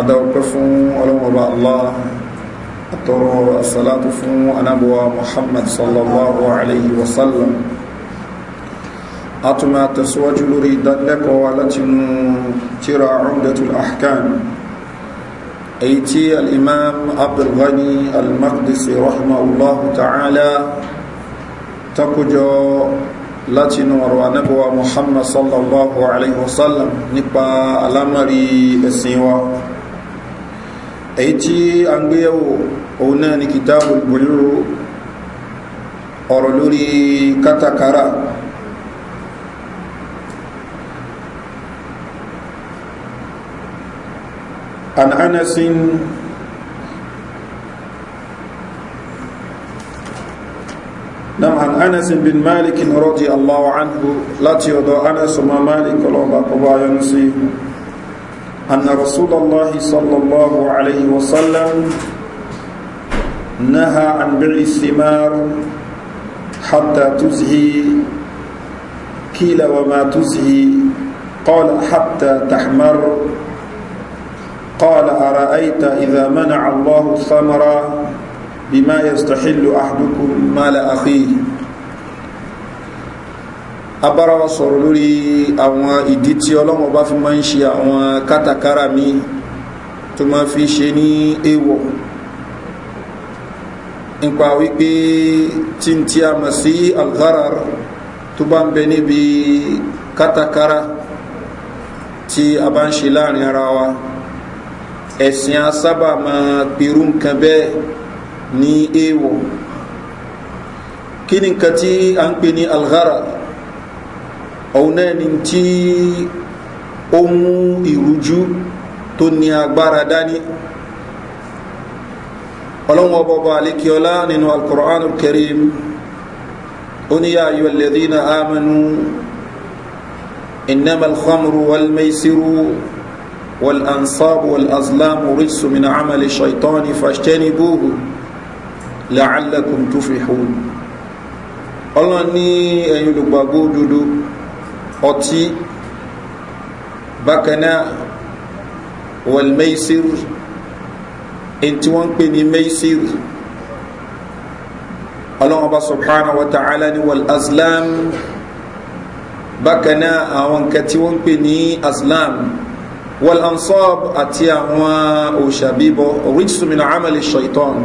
adáwọ̀pẹ́ fún ọlọ́mọba allah àtọrọ asàlátù fún anábọ̀wà muhammad sallallahu alayhi wa sallam a tún máa tẹ̀síwájú lórí ìdánilẹ́kọ̀ọ́ látinú tíra umdatul ahkam èyí tí al'imam abdulghani al-maqdisi rahimahullahu ta'ala takujọ látinú ọ̀rọ̀ anábọ̀wà muhammad sallallahu alayhi wa sallam nípa alamari ẹ̀sìn èyí tí a ń gbéyẹ̀wò òun náà ni kìtàbù ìgbòlérò ọ̀rọ̀ lórí kátàkárà عن انس نعم عن انس بن مالك رضي الله عنه لا تيضا انس ما مالك الله بقبا ينسي أن رسول الله صلى الله عليه وسلم نهى عن بيع الثمار حتى تزهي قيل وما تزهي قال حتى تحمر قال أرأيت إذا منع الله الثمر بما يستحل أحدكم مال أخيه abára wa sọ̀rọ̀ lórí àwọn ìdí tí ọlọ́wọ́n bá fi máa ń ṣe àwọn kátàkárà mi tó máa fi ṣe ní èèwọ̀ nípa wípé tí n tí a mọ̀ sí algharar tó bá ń bẹ níbi kátàkárà tí a bá ń ṣe láàrin ara wa ẹ̀sìn a sábà máa pẹ̀rú nǹkan bẹ́ẹ̀ ní èèwọ̀ kí ni nǹkan tí a ń pè ní algharar òun náà ni tí ó mú ìrújú tó ní agbára dání ọlọ́wọ́ bọ́bọ́ alékiọlá nínú alkùrán kẹrìm ó ní yá ayọ̀ lẹ́dínà ámẹ́nu إنما الخمر والميسر والأنصاب والأزلام رجس من عمل الشيطان فاجتنبوه لعلكم تفلحون الله ني أن يلقى ọtí bákanáà wàlmẹ́sìr in tí wọ́n ń pè ní mẹ́sìr ọlọ́wọ́ba subhanahu wa ta'ala ni wal azlam bákanáà àwọn nǹkan tí wọ́n ń pè ní azlam wal ansab àti àwọn òṣàbíbọ̀ rijsu min amali shaitan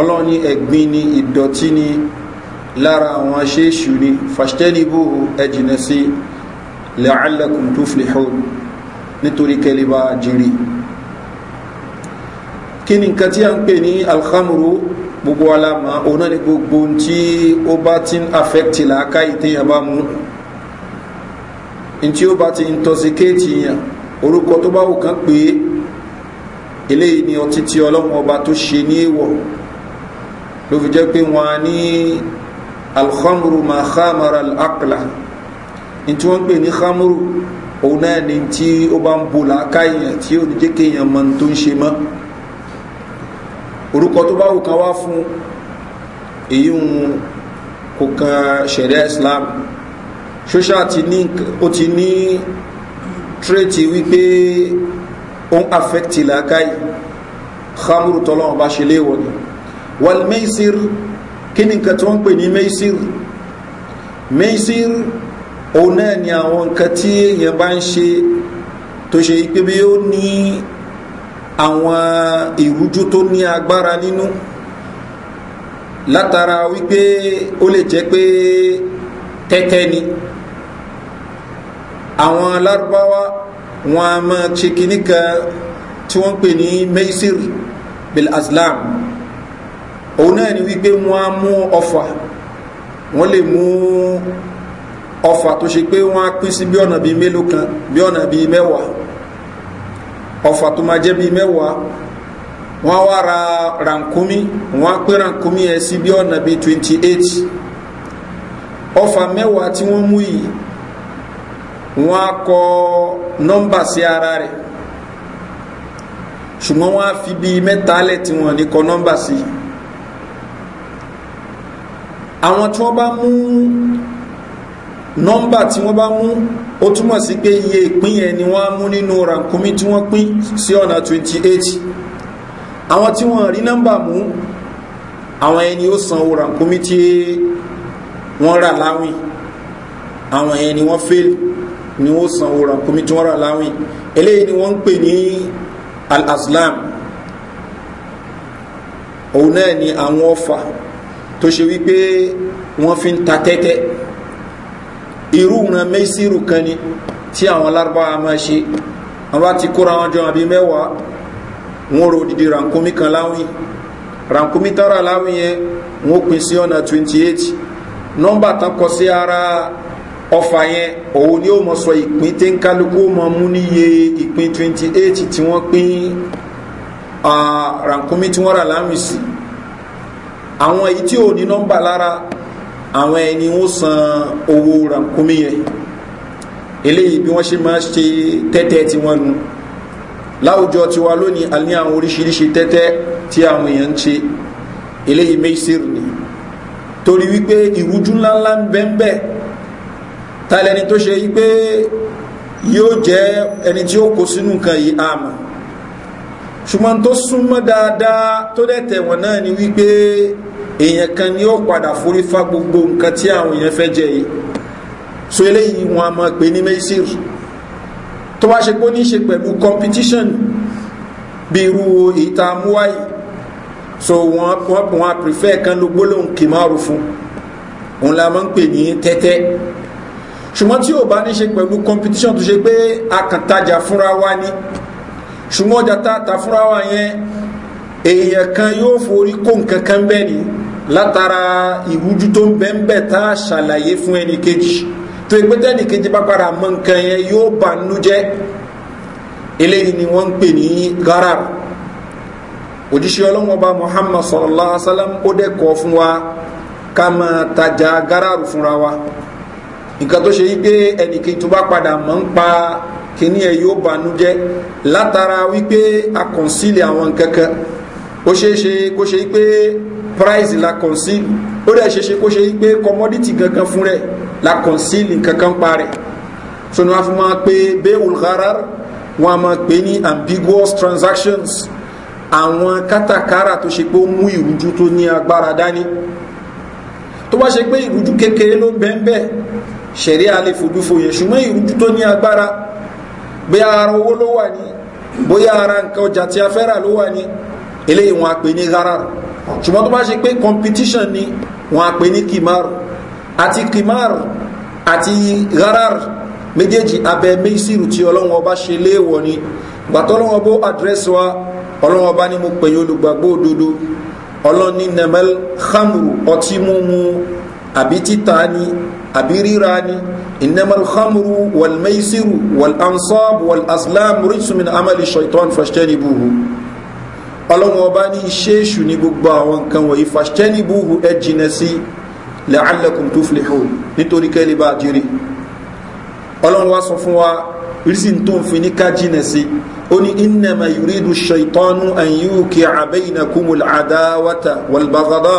ọlọ́ni ẹ̀gbin ni ìdọ̀tí ni lára àwọn aṣeéṣù ni fàṣtẹ́lìbò ẹjìnà sí la'allakum tuflihun nítorí kẹlẹ̀bà jìnrì kí ni nǹkan tí a ń pè ní alhamuru gbogbo alama ọ̀nà ni gbogbo tí ó bá ti ń affecti làákà ìtẹ́yàn bá mú tí ó bá ti intoxicate yàn orúkọ tó bá wù kán pé eléyìí ni ọtí tí ọlọ́run tó ṣe ní èèwọ̀ ló fi jẹ́ pé wọ́n á ní alhamru ma khamara al-aqla ní tí wọ́n ń pè ní khamru òun náà ni tí ó bá ń bo làákàyàn tí ó ní jẹ́ kéèyàn mọ tó ń ṣe mọ́ orúkọ tó bá wù kan wá fún èyí ń kò kan ṣẹ̀ríà Islam ṣóṣà ó ti ní tírètì wípé ó ń affect làákàyè khamru tọ́lọ́wọ́n bá ṣe léwọ̀ ni wal kí ni nǹkan tí wọ́n ń pè ní meisir meisir òun náà ni àwọn nǹkan tí èèyàn bá ń ṣe tó ṣe pé bí ó ní àwọn ìrújú tó ní agbára nínú látara wípé ó lè jẹ́ pé tẹ́tẹ́ ni àwọn lárúbáwá wọn a máa ṣe kíníkan tí wọ́n ń pè ní meisir bil aslam òun náà ni wípé wọ́n á mú ọfà wọ́n lè mú ọfà tó ṣe pé wọ́n á pín sí bí ọ̀nà bíi mélòó kan bí ọ̀nà bíi mẹ́wàá ọfà tó máa jẹ́ bíi mẹ́wàá wọ́n á wá ra rànkúmí wọ́n á pín rànkúmí yẹn sí bí ọ̀nà bíi twenty eight ọfà mẹ́wàá tí wọ́n mú yìí wọ́n á kọ nọ́mbà sí ara rẹ̀ ṣùgbọ́n wọ́n á fi bíi mẹ́ta lẹ̀ tí wọ́n ní kọ àwọn tí wọ́n bá mú nọ́mbà tí wọ́n bá mú ó túmọ̀ sí pé iye ìpín yẹn ni wọ́n mú nínú ràkúnmí tí wọ́n pín sí ọ̀nà 28 àwọn tí wọ́n rí nọ́mbà mú àwọn ẹni ó san owó ràkúnmí tí wọ́n rà láwìn àwọn ẹni wọ́n fail ni ó san owó ràkúnmí tí wọ́n rà láwìn eléyìí ni wọ́n ń pè ní al-aslam òun náà ni àwọn ọfà tó ṣe wípé wọ́n fi ń ta tẹ́tẹ́ irú ran mẹ́sìrù kan ni tí àwọn lárúbáwá máa ṣe wọ́n bá ti kóra wọn jọ àbí mẹ́wàá wọ́n ro odidi rankumi kan láwìn rankumi tọ́ra láwìn yẹn wọ́n pín sí ọ̀nà twenty eight nọ́mbà tán kọ sí ara ọfà yẹn òun ni ó mọ sọ ìpín tí ń kálukú mọ mú níye ìpín twenty eight tí wọ́n pín rankumi tí wọ́n rà láwìn sí i àwọn èyí tí ò ní nọ́mbà lára àwọn ẹni wọ́n san owó ràkúnmí yẹn eléyìí bí wọ́n ṣe máa ṣe tẹ́tẹ́ tí wọ́n nu láwùjọ tiwa lónìí a ní àwọn oríṣiríṣi tẹ́tẹ́ tí àwọn èèyàn ń ṣe eléyìí mẹ́sìrì ni torí wípé ìrújú ńláńlá ń bẹ́ńbẹ́ tàlẹ́ni tó ṣe wípé yóò jẹ́ ẹni tí ó kó sínú nǹkan yìí àmà ṣùgbọ́n tó súnmọ́ dáadáa tó dẹ̀ tẹ̀wọ̀n náà ni wípé èèyàn kan ni ó padà forí fa gbogbo nǹkan tí àwọn èèyàn fẹ́ jẹ yìí so eléyìí wọn a máa pè ní mesir tó bá ṣe pé ó ní ṣe pẹ̀lú competition bí irú ìta muwai so wọn wọn prefer kan ló gbólóhùn kìmáàrú fún òun la máa ń pè ní tẹ́tẹ́ ṣùgbọ́n tí ò bá ní ṣe pẹ̀lú competition tó ṣe pé akàntajà fúnra wa ni ṣùgbọ́n ọjà tá a ta fúnra wa yẹn èèyàn kan yóò forí kó nǹkan kan bẹ́ẹ̀ ni látara ìrújú tó ń bẹ́ ń bẹ̀ tá a ṣàlàyé fún ẹnì kejì tó ẹgbẹ́ tẹ́nì kejì bá padà mọ nǹkan yẹn yóò bà nínú jẹ́ eléyìí ni wọ́n ń pè ní garab òjíṣẹ́ ọlọ́wọ́n bá muhammad sallallahu alaihi wa sallam ó dẹ̀ kọ́ fún wa ká máa tajà gararu fúnra wa nǹkan tó ṣe yí pé ẹnì kejì tó bá padà mọ̀ ń pa kíní ẹ yóò banújẹ́ látara wípé a àwọn kankan ó ṣeé ṣe kó ṣe pé price la conceal ó dẹ̀ ṣeṣe kó ṣe yí pé commodity gangan fún rẹ̀ la conceal kankan pa rẹ̀ so ni wọ́n fi máa pé bayul gharar wọ́n a máa pè ní ambiguous transactions àwọn kátàkárà tó ṣe pé ó mú ìrújú tó ní agbára dání tó bá ṣe pé ìrújú kékeré ló bẹ́ńbẹ́ ṣẹ̀rí a lè fojú fo yẹn ṣùgbọ́n ìrújú tó ní agbára bóyá ara owó ló wà ní bóyá ara nǹkan ọjà tí a fẹ́ rà ló wà ní eléyìí wọn a pè ní gharar ṣùgbọ́n tó bá ṣe pé competition ni wọ́n á pè ní kimar àti kimar àti gharar méjèèjì abẹ́ mẹ́sìrù tí ọlọ́run ọba ṣe léèwọ̀ ni gbàtọ́ ọlọ́run ọba àdírẹ́sì wa ọlọ́run ọba ní mo pèyìn olùgbàgbọ́ òdodo ọlọ́run ní nemel hamru ọtí mímu àbí títà ni àbí ríra ni innemel hamru wal mẹ́sìrù wal ansab wal aslam rísùmìn amali shaitan ọlọ́run ọba ní iṣẹ́ èṣù ní gbogbo àwọn nǹkan wọ̀nyí fàṣẹ́nìbúhù ẹ jìnà sí la'allakum tuflihun nítorí kẹ́lẹ̀ bá jèrè ọlọ́run wá sọ fún wa rísìn tó ń fi ní ká jìnà sí ó ní innama yuridu shaitanu an yuqi'a baynakumul adawata wal baghdha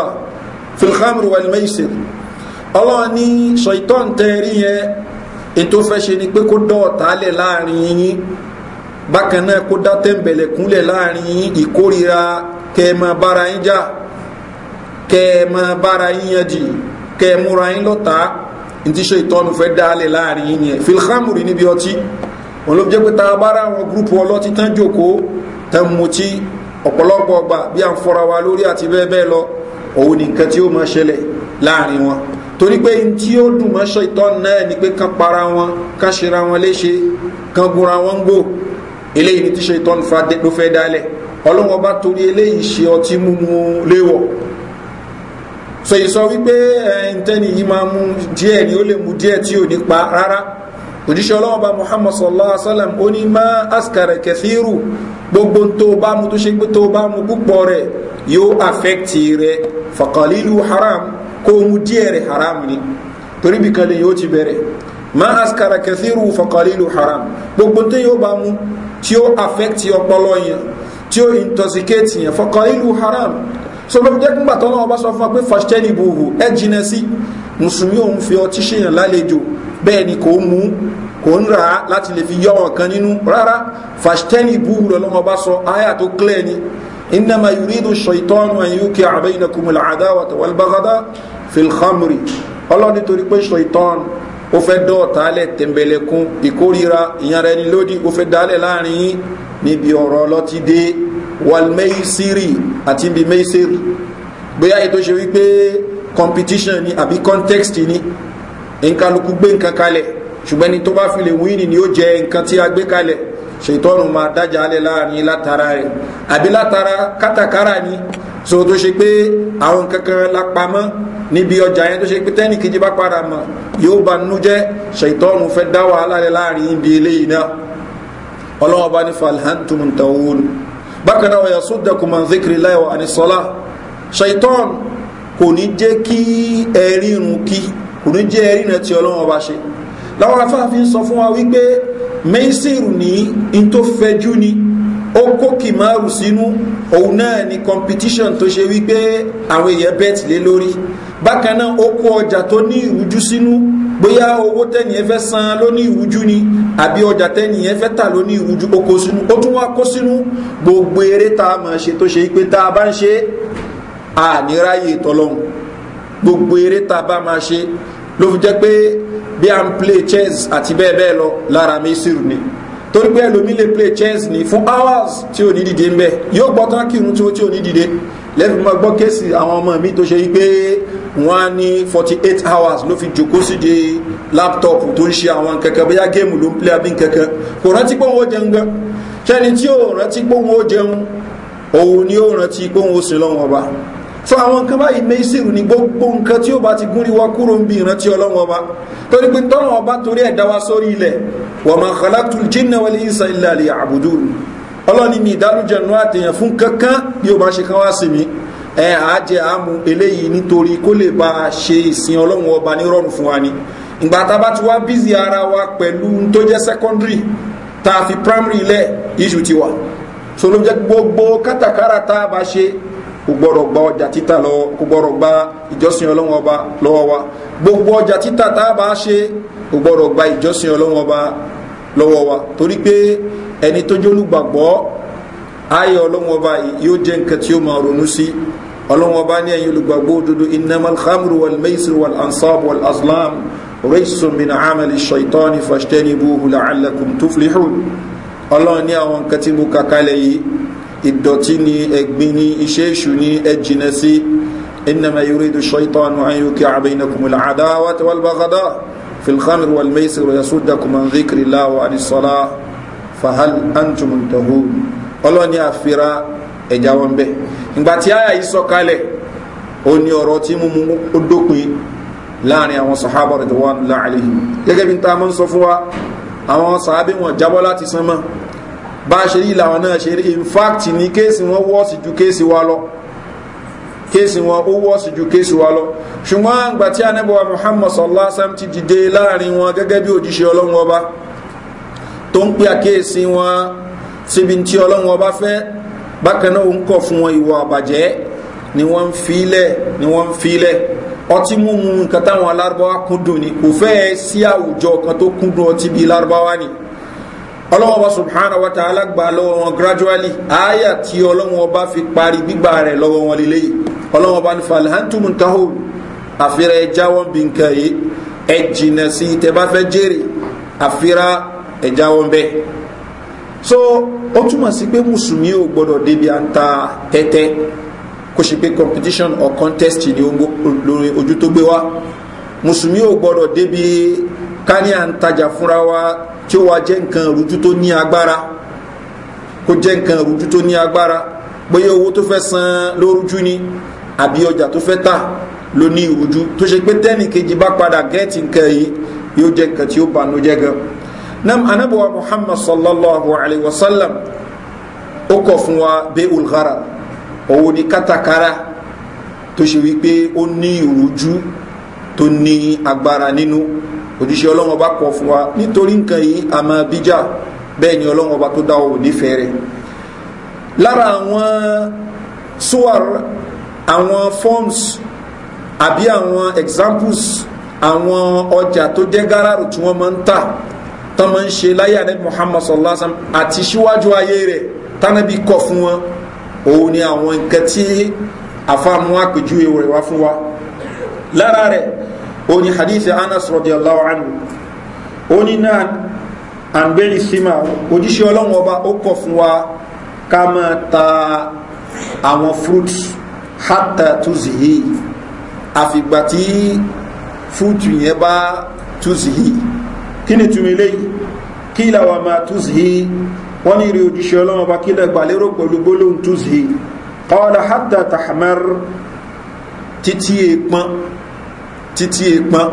fil khamri ọlọ́run ní shaitan tẹ́rí yẹn ètò fẹ́ ṣe ni pé kó dọ̀ọ̀tálẹ̀ láàrin yín bákan náà kó dá tẹ́ǹbẹ̀lẹ̀ kúnlẹ̀ láàrin ìkórira kẹ́ẹ̀mọ bára yín jà kẹ́ẹ̀mọ bára yín yanjì kẹ́ẹ̀múra yín lọ́ta ní ti ṣe ìtọ́nu fẹ́ dálẹ̀ láàrin yín yẹn filhamuri níbi ọtí wọn ló jẹ́ pé ta bára àwọn gúrùpù ọlọ́tí tán jókòó tán mutí ọ̀pọ̀lọpọ̀ ọgbà bí à ń fọra wa lórí àti bẹ́ẹ̀ bẹ́ẹ̀ lọ òun ni nǹkan tí ó máa ṣẹlẹ̀ láàrin wọn torí pé n tí ó dùn mọ́ ìtọ́nu náà ni pé kán para wọn kán ṣera wọn léṣe kán gunra wọn gbò eléyìí ni tí ṣe tán ló fẹ́ dálẹ̀ ọlọ́wọ́n bá torí eléyìí ṣe ọtí múmu léwọ̀ so ìsọ wípé ẹ̀ǹtẹ́ni yìí máa mú díẹ̀ ni ó lè mú díẹ̀ tí ò ní pa rárá òjíṣẹ́ ọlọ́wọ́n bá muhammad sallallahu alaihi wasallam ó ní má askara kẹfíìrù gbogbo tó bá mu tó ṣe pé tó bá mu púpọ̀ rẹ̀ yóò affect rẹ̀ fàkàlílù haram kó mu díẹ̀ rẹ̀ haram ni torí bí kan lè yóò ti bẹ̀rẹ̀ má askara kẹfíìrù fàkàlílù haram gbogbo tó yóò bá mu tí ó affect ọpọlọ yẹn tí ó intoxicate yẹn fọkàn ìlú haram so ló fi jẹ́ kúngbà tọ́lọ́ ọba sọ fún wa pé fọ́ṣtẹ́lì buhu ẹ jìnà sí mùsùlùmí òun fi ọtí ṣèyàn lálejò bẹ́ẹ̀ ni kò mú kò ń rà á láti lè fi yọ wọn kan nínú rárá fọ́ṣtẹ́lì buhu lọ́lọ́mọ bá sọ àyà tó clear ni إنما يريد الشيطان أن يوقع بينكم العداوة والبغضاء في الخمر الله نتوري شيطان ó fẹ́ dọ́ọ̀tálẹ̀ tẹ̀m̀bẹ̀lẹ̀kún ìkórira ìyanra ẹni lódì ó fẹ́ dálẹ̀ láàrin yín níbi ọ̀rọ̀ ọlọ́tí dé walmeisiri àti ibi meisiri bóyá ètò ṣe wípé competition ni àbí context ni nkaluku gbé nǹkan kalẹ̀ ṣùgbọ́n ni tó bá fi lè ni ó jẹ nǹkan tí a gbé kalẹ̀ ṣètọ́nù máa dájà alẹ́ láàrin látara rẹ̀ àbí látara kátàkárà ni so tó ṣe pé àwọn kankan la pamọ́ níbi ọjà yẹn tó ṣe pé tẹ́nì kejì bá padà mọ̀ yóò bá nínú jẹ́ ṣètọ́nù fẹ́ dá wàhálà rẹ̀ láàrin ibi eléyìí náà ọlọ́wọ́ bá ní falhantum tawun bákan náà wọ̀nyà sódàkùnmọ̀ zikiri láìwọ̀ ànisọ́lá ṣètọ́n kò ní jẹ́ kí ẹ̀rí irun kí kò ní jẹ́ ẹ̀rí náà tí ọlọ́wọ́ bá ṣe láwọn afáàfin sọ fún wa wípé mẹ́sìrù ní in tó fẹjú ni ó kó kìmáàrù sínú òun náà ni competition tó ṣe wípé àwọn èèyàn bet lé lórí bákan náà ó kó ọjà tó ní ìrújú sínú bóyá owó tẹ́nìyẹn fẹ́ san ló ní ìrújú ni àbí ọjà tẹ́nìyẹn fẹ́ tà ló ní ìrújú ó kó sínú ó tún wá kó sínú gbogbo eré tá a máa ṣe tó ṣe wípé tá a bá ń ṣe àníráyè tọlọ́hún gbogbo eré tá a bá máa ṣe ló fi jẹ́ pé bí à ń play chess àti bẹ́ẹ̀ bẹ́ẹ̀ lọ lára mi sírù ni torí pé ẹlòmí lè play chess ní fún hours tí ò ní dìde ń bẹ yóò gbọ́ tán kírun tí ó tí ò ní dìde lẹ́fì mọ́ gbọ́ kéèsì àwọn ọmọ mi tó ṣe yí pé wọ́n á ní forty eight hours ló fi jòkó sí di laptop tó ń ṣe àwọn kankan bóyá géèmù ló ń play àbí kankan kò rántí pé òun ó jẹun gan ṣẹ́ni tí ò rántí pé òun ó jẹun òun ni ó rántí pé òun ó sin lọ́wọ́ ọba so àwọn nǹkan báyìí mẹ́sìrù ní gbogbo nǹkan tí ó bá ti gúnrí wá kúrò ń bí ìrántí ọlọ́run ọba torí pé tọ́lọ́run ọba torí ẹ̀dá wa sórí ilẹ̀ wa ma khalaqtul jinna wal insa illa liya'budun ọlọ́ni mi ìdálójẹ̀nú àtẹ̀yàn fún kankan bí ó bá ṣe kan wá sí mi ẹ àájẹ àmú eléyìí nítorí kó lè bá a ṣe ìsìn ọlọ́run ọba ní rọrùn fún wa ni ìgbà tá a bá ti wá bízì ara wa pẹ̀lú tó jẹ́ secondary tá a fi primary lẹ̀ issue ti wà so ló jẹ́ gbogbo kátàkárà tá a bá ṣe kò gbọ́dọ̀ gba ọjà títà lọ́wọ́ kò gbọ́dọ̀ gba ìjọsìn ọlọ́wọ́ ọba lọ́wọ́ wa gbogbo ọjà títà tá a bá ṣe kò gba ìjọsìn ọlọ́wọ́ ọba lọ́wọ́ wa torí pé ẹni tó jẹ́ ayé ọlọ́wọ́ ọba yóò jẹ́ nǹkan tí ó máa ronú sí ọlọ́wọ́ ọba ní ẹ̀yin olùgbàgbọ́ òdodo innamal khamru wal maisir wal ansab wal aslam raysun min amali shaitani fashtanibuhu la'allakum tuflihun ọlọ́wọ́ ní àwọn nǹkan tí mo kàkálẹ̀ yìí ìdọ̀tí ni ẹ̀gbin ni iṣẹ́ èṣù ni ẹ jìnà sí innama yuridu shaytanu an yuqi'a bainakum al-adawata wal-baghda fi al-khamr wal-maisir wa yasuddakum an dhikrillah wa anis salah fa hal antum muntahun ọlọ́ni àfira ẹ̀já wọn bẹ́ ìgbà tí àyà yìí sọ̀kalẹ̀ ó ní ọ̀rọ̀ tí mú mú ó dópin láàrin àwọn sàhábà radiyallahu anhum gẹ́gẹ́ bí n ta mọ́ ń sọ fún wa àwọn sàábí wọn jábọ́ láti sánmọ́ bá ṣe rí làwọn náà ṣe rí in fact ní kéèsì wọn wọ́ọ̀sì ju kéèsì wa lọ kéèsì wọn ó wọ́ọ̀sì ju kéèsì wa lọ ṣùgbọ́n àgbà tí anábọ̀wá muhammad sallallahu alaihi wasallam ti dìde láàrin wọn gẹ́gẹ́ bí òjíṣẹ́ ọlọ́run ọba tó ń pe àkéèsì wọn síbi tí ọlọ́run ọba fẹ́ bákan náà ó ń kọ̀ fún wọn ìwà àbàjẹ́ ni wọ́n ń filẹ̀ ni wọ́n ń filẹ̀ ọtí mímu nǹkan táwọn alárúbáwá kúndùn ni kò fẹ́ẹ́ sí àwùjọ kan tó kúndùn ọtí bíi lárúbáwá ni ọlọ́wọ́n bá subhanahu wa ta'ala gbà lọ́wọ́ wọn gradually àyà tí ọlọ́wọ́n bá fi parí gbígbà rẹ̀ lọ́wọ́ wọn lélẹ́yìí ọlọ́wọ́n bá ní falhantum taho àfihàn ẹja wọn bí nǹkan yìí ẹ jìnà sí tẹ bá fẹ́ jèrè àfihàn ẹja wọn bẹ́ẹ̀ so ó túmọ̀ sí pé mùsùlùmí ò gbọ́dọ̀ débi à tẹ́tẹ́ kó ṣe pé competition or contest ni ojú tó gbé wá mùsùlùmí ò gbọ́dọ̀ débi ká ní à ń tajà fúnra wa tí ó wá jẹ́ nǹkan rújú tó ní agbára kó jẹ́ nǹkan rújú tó ní agbára bóyá owó tó fẹ́ san lórújú ni àbí ọjà tó fẹ́ tà ló ní ìrújú tó ṣe pé tẹ́nì kejì bá padà gẹ́ẹ̀tì nǹkan yìí yóò jẹ́ nǹkan tí ó bànú jẹ́ gan nam anabuwa muhammad sallallahu alaihi wasallam ó kọ̀ fún wa bẹ́ẹ̀ ulghara owó ní kátàkárà tó ṣe wípé ó ní ìrújú tó ní agbára nínú òjíṣẹ́ ọlọ́wọ́n bá kọ fún wa nítorí nǹkan yìí a máa bíjà bẹ́ẹ̀ ni ọlọ́wọ́n bá tó dá o nífẹ̀ẹ́ rẹ̀ lára àwọn suwar àwọn forms àbí àwọn examples àwọn ọjà tó jẹ́ gáràrù tí wọ́n máa ń tà tán máa ń ṣe láyé àdé Muhammad sallallahu alaihi wa sallam àti síwájú ayé rẹ̀ tánàbí kọ fún wọn òun ni àwọn nǹkan tí àfàmù àpèjúwe rẹ̀ wá fún wa lára rẹ̀ ó ní hadith anas radiyallahu anhu ó ní náà àǹbẹ́rì sima ojúṣe ọlọ́run ọba ó kọ̀ fún wa ká máa ta àwọn fruits hatta tuzihi àfìgbà tí fruit yẹn bá tuzihi kí ni túnmí léyìí kí tuzihi wọ́n ní rí ojúṣe ọlọ́run ọba kí lẹ́gbà lérò pẹ̀lú gbólóhùn tuzihi qala hatta tahmar títí ìpọn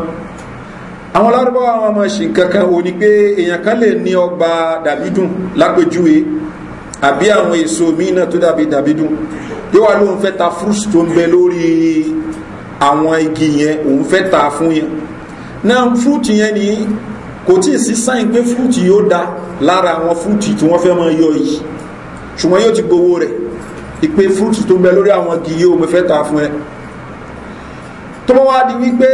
àwọn lárúbáwá àwọn ọmọ ṣì kankan ò ní pé èèyàn kan lè ní ọgbà dàbídùn lápèjúwe àbí àwọn èso míì náà tó dàbí dàbídùn yóò wá lóun fẹ́ ta fruits tó ń bẹ lórí àwọn igi yẹn òun fẹ́ ta fún yẹn náà fruit yẹn ni kò tí ì sí sáyìn pé fruit yóò da lára àwọn fruit tí wọ́n fẹ́ máa yọ yìí ṣùgbọ́n yóò ti gbowó rẹ̀ ìpè fruit tó ń bẹ lórí àwọn igi yóò mo fẹ́ ta fún ẹ tó bá wá di wípé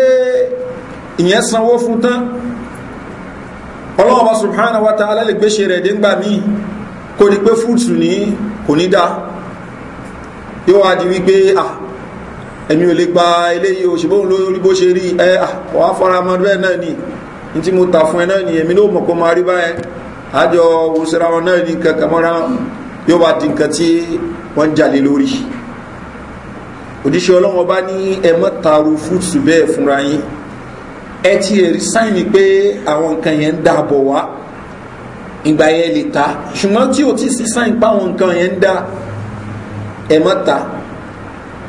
ìyẹn sanwó fún tán ọlọ́ọ̀bá subhanahu wa ta'ala lè gbéṣe rẹ̀ dégbà míì kò ní pé fúrùtù ní kò ní dá yóò wá di wípé ah ẹ̀mí ò lè gba eléyìí òṣèbóhùn lórí bó ṣe rí ẹ ah fara mọ́ bẹ́ẹ̀ náà ni mo tà fún ẹ náà ni èmi ló mọ̀ kó máa rí báyẹn àjọ òṣèrà wọn náà kankan mọ́ra yóò wá di nǹkan tí wọ́n òdíṣẹ́ ọlọ́wọ́ bá ní ẹmọ́ taru fúrúsù bẹ́ẹ̀ fúnra yín ẹ ti rí sáìnì pé àwọn nǹkan yẹn ń dàbọ̀ wá ìgbà yẹn lè ta ṣùgbọ́n tí o ti sí sáìnì pé àwọn nǹkan yẹn ń dà ẹmọ́ ta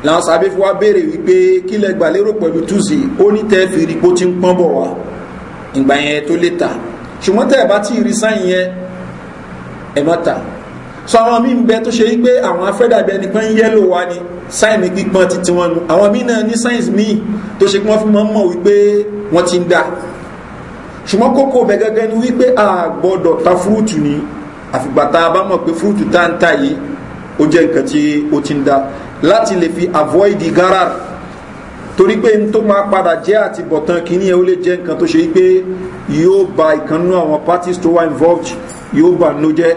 làwọn sábẹ́ fi wá béèrè wípé kí lẹ gbà lérò pẹ̀lú túùsì ó ní tẹ́ fi rí pé ti ń pọ́n bọ̀ wá ìgbà yẹn tó lè ta ṣùgbọ́n tẹ́ ẹ bá ti rí sáìnì yẹn ẹmọ́ ta so àwọn míì ń bẹ tó ṣe wípé àwọn afẹ́dàbẹ nìkan ń yẹ́lò wa ni sáìnì gbígbọ́n títí wọn nu àwọn míì náà ní sáìnsì míì tó ṣe kí wọ́n fi mọ́ mọ̀ wípé wọ́n ti ń dà ṣùgbọ́n kókó bẹ gẹ́gẹ́ ni wípé a gbọ́dọ̀ ta fúrúùtù ni àfìgbà tá a bá mọ̀ pé fúrúùtù tá ń ta yìí ó jẹ́ nǹkan tí ó ti ń dà láti lè fi avoid garar torí pé n tó máa padà jẹ́ àti bọ̀tán kìíní ẹ̀ ó lè jẹ́ nǹkan tó ṣe wípé yóò ba ìkànnú àwọn parties tó wà involved yóò bà nú jẹ́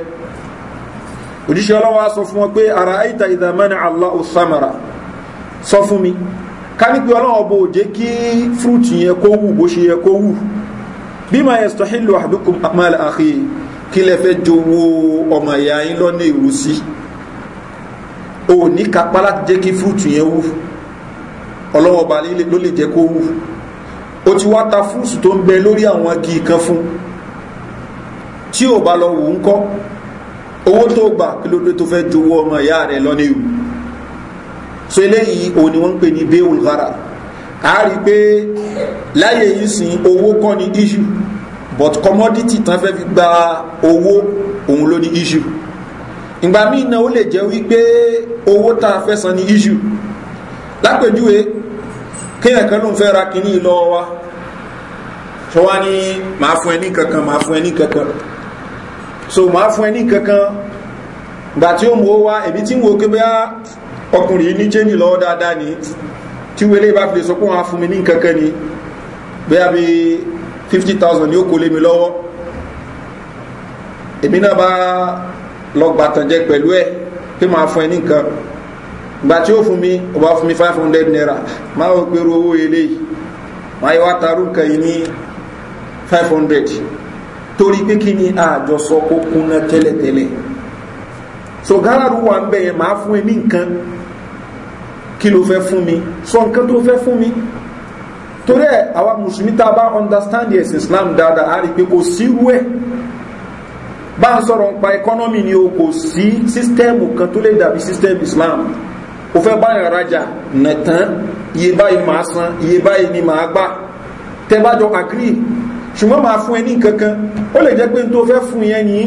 òjíṣẹ́ ọlọ́wọ́ sọ fún wọn pé ara àìta ìdàmẹ́ni Allahu samara sọ fún mi ká ní pé ọlọ́wọ́ bó jẹ́ kí fúrútù yẹn kó wù bó ṣe yẹ kó wù bima yastahilu ahadukum amal akhi kí lẹ fẹ́ jowó ọmọ ìyá yín lọ́nà ìrú sí o ní kápá láti jẹ́ kí fúrútù yẹn wù ọlọ́wọ́ bá ló lè jẹ́ kó wù o ti wá ta fúrútù tó ń bẹ lórí àwọn igi fún tí ò bá lọ wù ń kọ́ owó tó gbà kí ló dé tó fẹ́ jowó ọmọ ìyá rẹ̀ lọ ìwú so eléyìí òun ni wọ́n ń pè ní béèwò lára a rí pé láyé yìí sìn owó kọ́ ni issue but commodity tán fẹ́ fi gba owó òun ló ní issue ìgbà míì náà ó lè jẹ́ wípé owó tá a fẹ́ san ní issue lápèjúwe kéèyàn kan ló ń fẹ́ ra kínní lọ́wọ́ wa sọ ní màá fún ẹ ní kankan màá fún ẹ ní kankan so máa fún ẹni kankan gbà tí ó mú ó wá èmi tí ń wo pé bá ọkùnrin yìí ní jẹ́nì lọ́wọ́ dáadáa ni tí wọlé bá fi lè sọ pé wọ́n á fún mi ní kankan ni bí a bí 50,000 ni ó kò lé mi lọ́wọ́ èmi náà bá lọ gbàtànjẹ pẹ̀lú ẹ̀ pé máa fún ẹ ní nǹkan gbà tí ó fún mi ó bá fún mi 500 naira máa wọ́n pẹ̀rọ owó eléyìí máa yẹ wá tarú nǹkan yìí ní 500 torí pé kí ni àjọsọ kó kúnná tẹ́lẹ̀tẹ́lẹ̀ so gáràrú wà ń bẹ̀yẹn máa fún ẹ nǹkan kí ló fẹ́ fún mi so nǹkan tó fẹ́ fún mi torí ẹ àwa mùsùlùmí tá bá understand yes islam dada a rí i pé kò sírú ẹ bá a sọ̀rọ̀ nípa ẹkọ́nọ́mì ni o kò sí sísítẹ́ẹ̀mù kan tó lè dàbí sísítẹ́ẹ̀mù islam o fẹ́ báyìí rajà nẹ̀tán iye báyìí màá san iye báyìí ni màá gbà tẹ́ bá jọ agree ṣùgbọ́n máa fún ẹni kankan ó lè jẹ́ pé n tó fẹ́ fún yẹn ní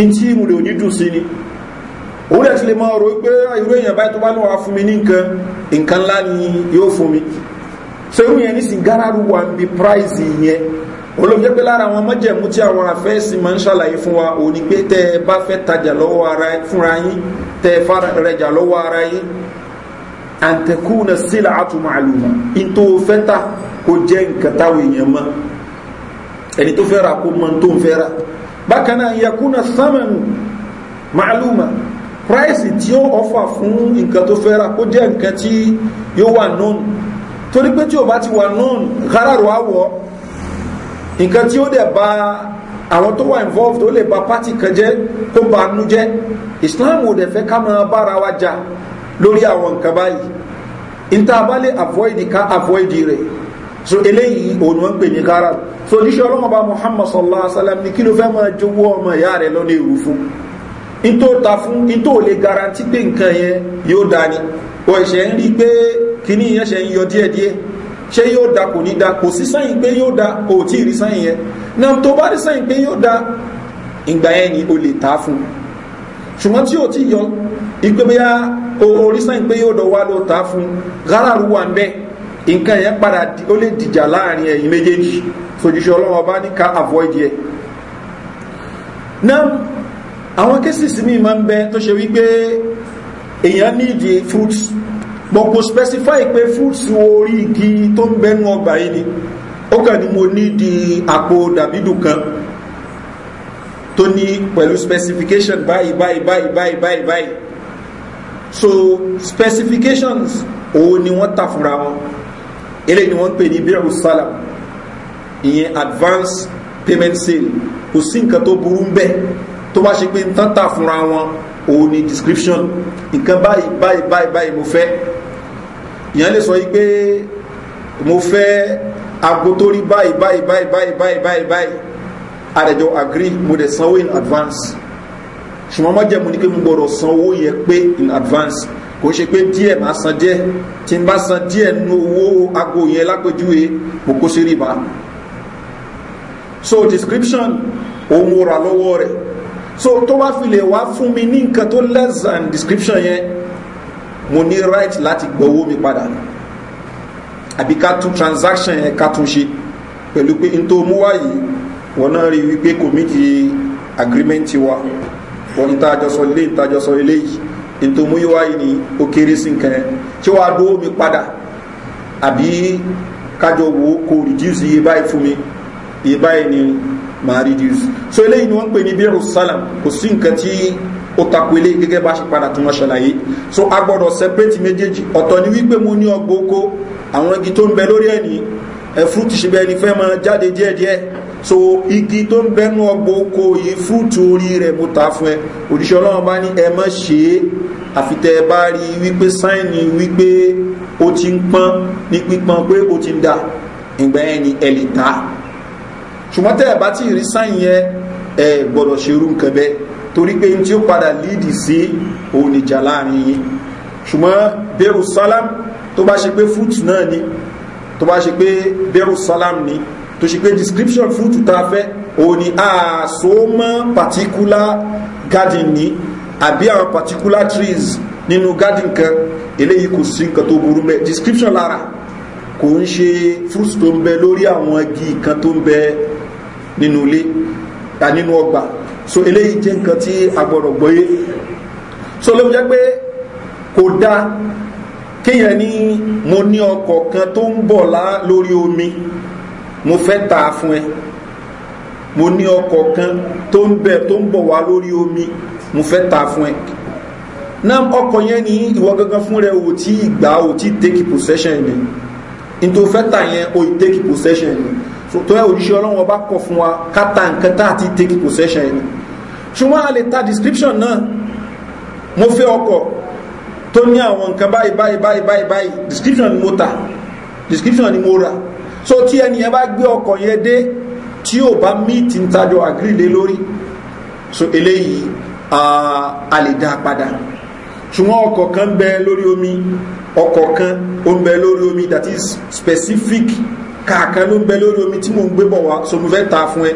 in tí mo lè ní sí ni òun lè ti lè máa rò pé ah, irú èèyàn báyìí tó bá lọ́wọ́ fún mi ní nǹkan nǹkan ńlá ni yóò fún mi so irú yẹn ní sì gáràrú wa ń bi price yẹn olóòfin jẹ́ pé lára àwọn mọ́jẹ̀mú tí àwọn afẹ́sì máa ń ṣàlàyé fún wa ò ní pé tẹ́ ẹ bá fẹ́ tajà lọ́wọ́ ara fúnra yín tẹ́ ẹ fẹ́rẹ̀jà lọ́wọ́ ara yín àǹtẹ̀kùn náà àtùmọ̀ àlùmọ̀ ìtò fẹ́ta kò jẹ́ nǹkan táwọn èèyàn mọ́ ẹni tó fẹ́ ra kó mọ tó ń fẹ́ ra yakuna samanu ma'luma price tí ó ọfà fún nǹkan tó fẹ́ ra kó jẹ́ nǹkan tí yóò wà known torí pé tí o bá ti wà known gáràrò àwọ̀ nǹkan tí ó dẹ̀ ba àwọn tó wà involved ó lè ba party kan jẹ́ kó ba nú jẹ́ Islam ò dẹ̀ fẹ́ ká máa bára wa jà lórí àwọn nǹkan báyìí níta bá lè avoid ká avoid rẹ̀ so eléyìí òun wọ́n pè ní kára so oníṣẹ́ ọlọ́mọba muhammad sallallahu alaihi ni kí ló fẹ́ máa jówó ọmọ ìyá rẹ̀ lọ́nà èrú fún in ta fún in lè garanti pé nǹkan yẹn yóò da ni o ẹ̀ṣẹ̀ ń rí pé kíní yẹn ṣe ń yọ díẹ̀díẹ̀ ṣé yóò da kò ní da kò sí sáyìn pé yóò da kò tí ì rí sáyìn yẹn náà tó bá rí sáyìn pé yóò da ìgbà yẹn ni o lè ta fún ṣùgbọ́n tí o ti yọ ìgbébéyà orí sáyìn pé yóò dọ̀ wá ló ta fún gáràrú wà ń bẹ́ẹ̀ nǹkan yẹn padà ó lè dìjà láàrin ẹ̀yìn méjèèjì sojúṣe ọlọ́wọ́ bá ní ká avoid yẹ náà àwọn kéṣìṣì míì máa ń bẹ tó ṣe wípé èèyàn ní ìdí fruits gbogbo specify pé fruits orí igi tó ń bẹnu ọgbà yìí ni ó kàn ní mo ní ìdí àpò dàbídù kan tó ní pẹ̀lú specification báyìí báyìí báyìí báyìí báyìí báyìí so specifications òun ni wọ́n tà fúnra wọn eléyìí ni wọ́n ń pè ní bẹ́ẹ̀rù sálà ìyẹn advance payment sale kò sí nǹkan tó burú ń bẹ̀ tó bá ṣe pé tán tà fúnra wọn òun ni description nǹkan báyìí báyìí báyìí báyìí mo fẹ́ ìyẹn lè sọ yìí pé mo fẹ́ aago tó rí báyìí báyìí báyìí báyìí báyìí báyìí báyìí àrẹ̀jọ agree mo dẹ̀ sanwó in advance ṣùgbọ́n má jẹ́ mo ní pé mo gbọ́dọ̀ sanwó yẹn pé in advance kò ṣe pé díẹ̀ máa san díẹ̀ tí n bá san díẹ̀ nu owó ago yẹn lápèjúwe mo kó sí rìbá so description òun ra lọ́wọ́ rẹ̀ so tó bá fi lè wá fún mi ní nǹkan tó less than description yẹn mo ní right láti gbowó mi padà àbí ká tún transaction yẹn ká tún ṣe pẹ̀lú pé n tó mú wáyé wọn náà rí wípé kò mí agreement wa wọn ń tá ilé ń tá ilé yìí ntomuyiwa yìí ni ó kéré sí nǹkan yẹn ṣé wàá dó mi padà àbí kájọ wo kò reduce iye báyìí fún mi iye báyìí ni màá reduce so eléyìí ni wọ́n ń pè ní bírò sálàm kò sí nǹkan tí ó takò eléyìí gẹ́gẹ́ bá ṣe padà tí wọ́n ṣàlàyé so a gbọ́dọ̀ separate méjèèjì ọ̀tọ̀ ni wípé mo ní ọgbọ́n oko àwọn igi tó ń bẹ lórí ẹ̀ ní ẹ̀fúrú ti ṣe bẹ́ẹ̀ ni fẹ́ máa jáde díẹ̀díẹ̀ so igi tó ń bẹnu ọgbọ oko yìí fúrúùtù orí rẹ̀ mo ta fún ẹ òjíṣẹ́ ọlọ́run bá ní ẹ má ṣe é àfitẹ́ ẹ bá rí wípé sáìnì wípé ó ti ń pọ́n ní pípọ́n pé ó ti ń dà ìgbà yẹn ni ẹ lè ta ṣùgbọ́n tẹ́ ẹ bá ti rí sáìnì yẹn ẹ gbọ́dọ̀ ṣerú nǹkan bẹ́ẹ̀ torí pé tí ó padà lídì sí òun ìjà láàrin yìí ṣùgbọ́n bẹ́rù sálám tó bá ṣe pé fúrúùtù náà ni tó bá ṣe pé bẹ́rù sálám ni tó ṣe pé description fruit tá a fẹ́ òun ni particular garden ni àbí àwọn particular trees nínú garden kan eléyìí kò sí nǹkan tó burú bẹ́ẹ̀ description lára kò ń ṣe fruit tó ń bẹ lórí àwọn igi kan tó ń bẹ nínú ilé nínú ọgbà so eléyìí jẹ́ nǹkan tí a gbọ́dọ̀ gbọ́yé so ló jẹ́ pé kò dá kéèyàn ní mo ní ọkọ̀ kan tó ń bọ̀ lá lórí omi mo fẹ́ ta fún ẹ mo ní ọkọ̀ kan tó ń bẹ̀ tó ń bọ̀ wá lórí omi mo fẹ́ ta fún ẹ náà ọkọ̀ yẹn ní ìwọ gangan fún rẹ ò tí gbà ò tí take possession ni nítorí fẹ́ ta yẹn ò take possession ni tó yẹ òjíṣẹ́ ọlọ́wọ́n bá kọ̀ fún wa káta nǹkan tá àti take possession ni ṣùgbọ́n a lè ta description náà mo fẹ́ ọkọ̀ tó ní àwọn nǹkan báyìí báyìí báyìí báyìí description ni mo ta description ni mo ra so tí ẹnìyẹn bá gbé ọkọ̀ yẹn dé tí ò bá míìtì ń tajọ àgírílé lórí so eléyìí a lè dá padà ṣùgbọ́n ọkọ̀ kan ń bẹ lórí omi ọkọ̀ kan ó ń bẹ lórí omi that is specific kàkan ló ń bẹ lórí omi tí mò ń gbé bọ̀ wá so mo fẹ́ ta fún ẹ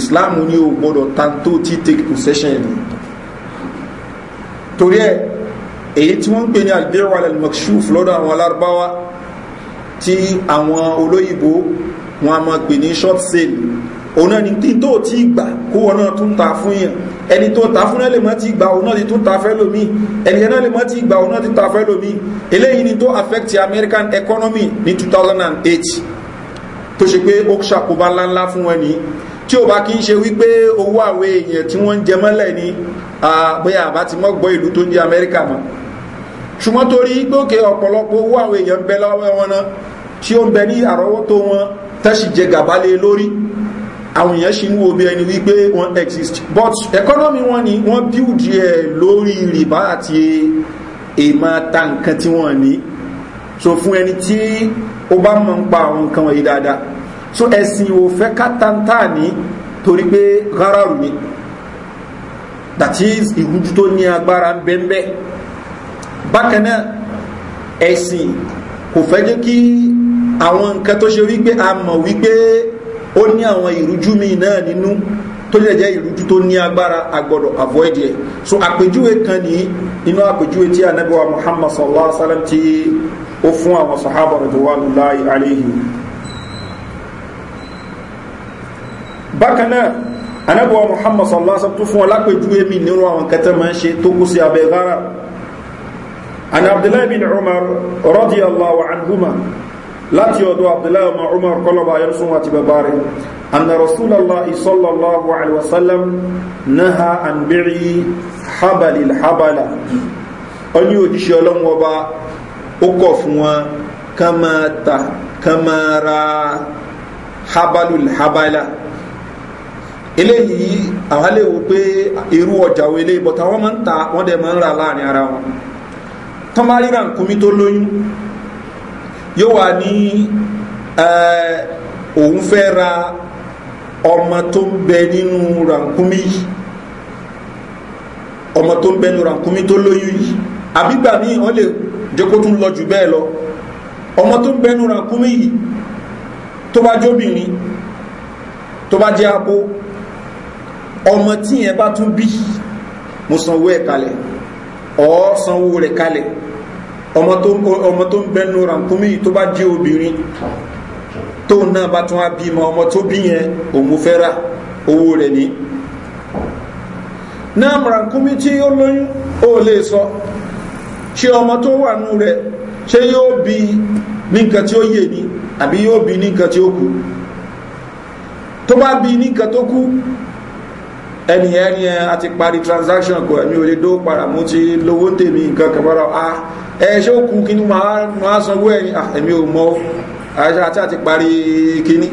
Islam ní o gbọ́dọ̀ tanto tí take possession ẹ̀ nìyí torí ẹ èyí tí wọ́n ń pè ní albiru al-makshuf àwọn alárúbáwá tí àwọn olóyìnbó wọn a máa pè ní short sale òun náà ni tí tó ti gbà kó wọn náà tún ta fún yàn ẹni tó ta fún náà lè mọ́ ti gbà òun náà ti tún ta fẹ́ lómi ẹni náà lè mọ́ ti gbà òun náà ti ta fẹ́ lómi eléyìí ni tó affect american economy ní 2008 tó ṣe pé ó ṣàkóbá ńláńlá fún wọn nìyí tí ó bá kí ń ṣe wípé owó àwọn èèyàn tí wọ́n ń jẹ mọ́lẹ̀ ni àbẹ́ àbá ti mọ́ gbọ́ ìlú tó ń jẹ amẹ́ríkà mọ́ ṣùgbọ́n torí gbókè ọ̀pọ̀lọpọ̀ owó àwọn èèyàn bẹ́ lọ́wọ́ wọn náà tí ó ń bẹ ní àrọ́wọ́tó wọn tẹ́sì jẹ gàbálé lórí àwọn èèyàn ṣe ń wo bí ẹni wípé wọ́n exist but economy wọn ni wọ́n build ẹ̀ lórí rìbá àti èèmọ̀ ta nǹkan tí wọ́n ní so fún ẹni tí ó bá mọ̀ ń pa àwọn nǹkan wọ̀nyí dáadáa so ẹ̀sìn ò fẹ́ ká tántà ní torí pé gáràrù ni that is ìrújú tó ní agbára ń bẹ́ńbẹ́ bákan náà ẹ̀sìn kò fẹ́ jẹ́ kí àwọn nǹkan tó ṣe wípé a mọ̀ wípé ó ní àwọn ìrújú míì náà nínú tó lè jẹ́ ìrújú tó ní agbára agbọ́dọ̀ avoid ẹ̀ so àpèjúwe kan ní inú àpèjúwe tí anábíwá muhammad sallallahu alaihi wa sallam ti ó fún àwọn sahaba radwanullahi alayhi bákan náà anábíwá muhammad sallallahu alaihi wa sallam tó fún wọn lápèjúwe nínú àwọn kẹta bin umar radiyallahu anhuma láti ọ̀dọ̀ abdullahi ọmọ umar kọlọba ayọ́sùn àti bàbá rẹ̀ anna rasulallah isallallahu alaihi wasallam naha an biri habalil habala ó ní òjíṣẹ́ ọlọ́run ọba ó kọ̀ fún wọn ká máa ta ká máa ra habalul habala eléyìí àwọn lè wo pé irú ọjà wo bọ̀tà wọ́n máa ń ta wọ́n dẹ̀ máa ń ra láàrin ara wọn tọ́mọ ríra nkùnmí tó lóyún yóò wà ní òun fẹ́ ra ọmọ tó ń bẹ nínú rànkúmí ọmọ tó ń bẹ nínú rànkúmí tó lóyún yìí àbígbà míì wọ́n lè jẹ́ kó tún lọ jù bẹ́ẹ̀ lọ ọmọ tó ń bẹ nínú rànkúmí yìí tó bá jóbìnrin tó bá jẹ́ abo ọmọ tí yẹn bá tún bí mo sanwó ẹ̀ kalẹ̀ ọ̀ sanwó rẹ̀ kalẹ̀ ọmọ tó ń bẹnu rànkúmí tó bá jẹ́ obìnrin tóun náà bá tún á bímọ ọmọ tó bí yẹn òun fẹ́ rà owó rẹ̀ ní náà rànkúmí tí ó lóyún ó lè sọ ṣé ọmọ tó wà nù rẹ̀ ṣé yóò bí ní nǹkan tí ó yè ní àbí yóò bí ní nǹkan tí ó kú tó bá bí ní nǹkan tó kú ẹnìyẹn ni a ti parí transaction kò ẹ̀mí ò lè dó padà mú ti lówó tèmi nǹkan kan bára a. Ah, ẹ̀ṣẹ́ òkú kí ní máa sanwó ẹ̀yìn àmì ah, òmọ àti àti parí kíní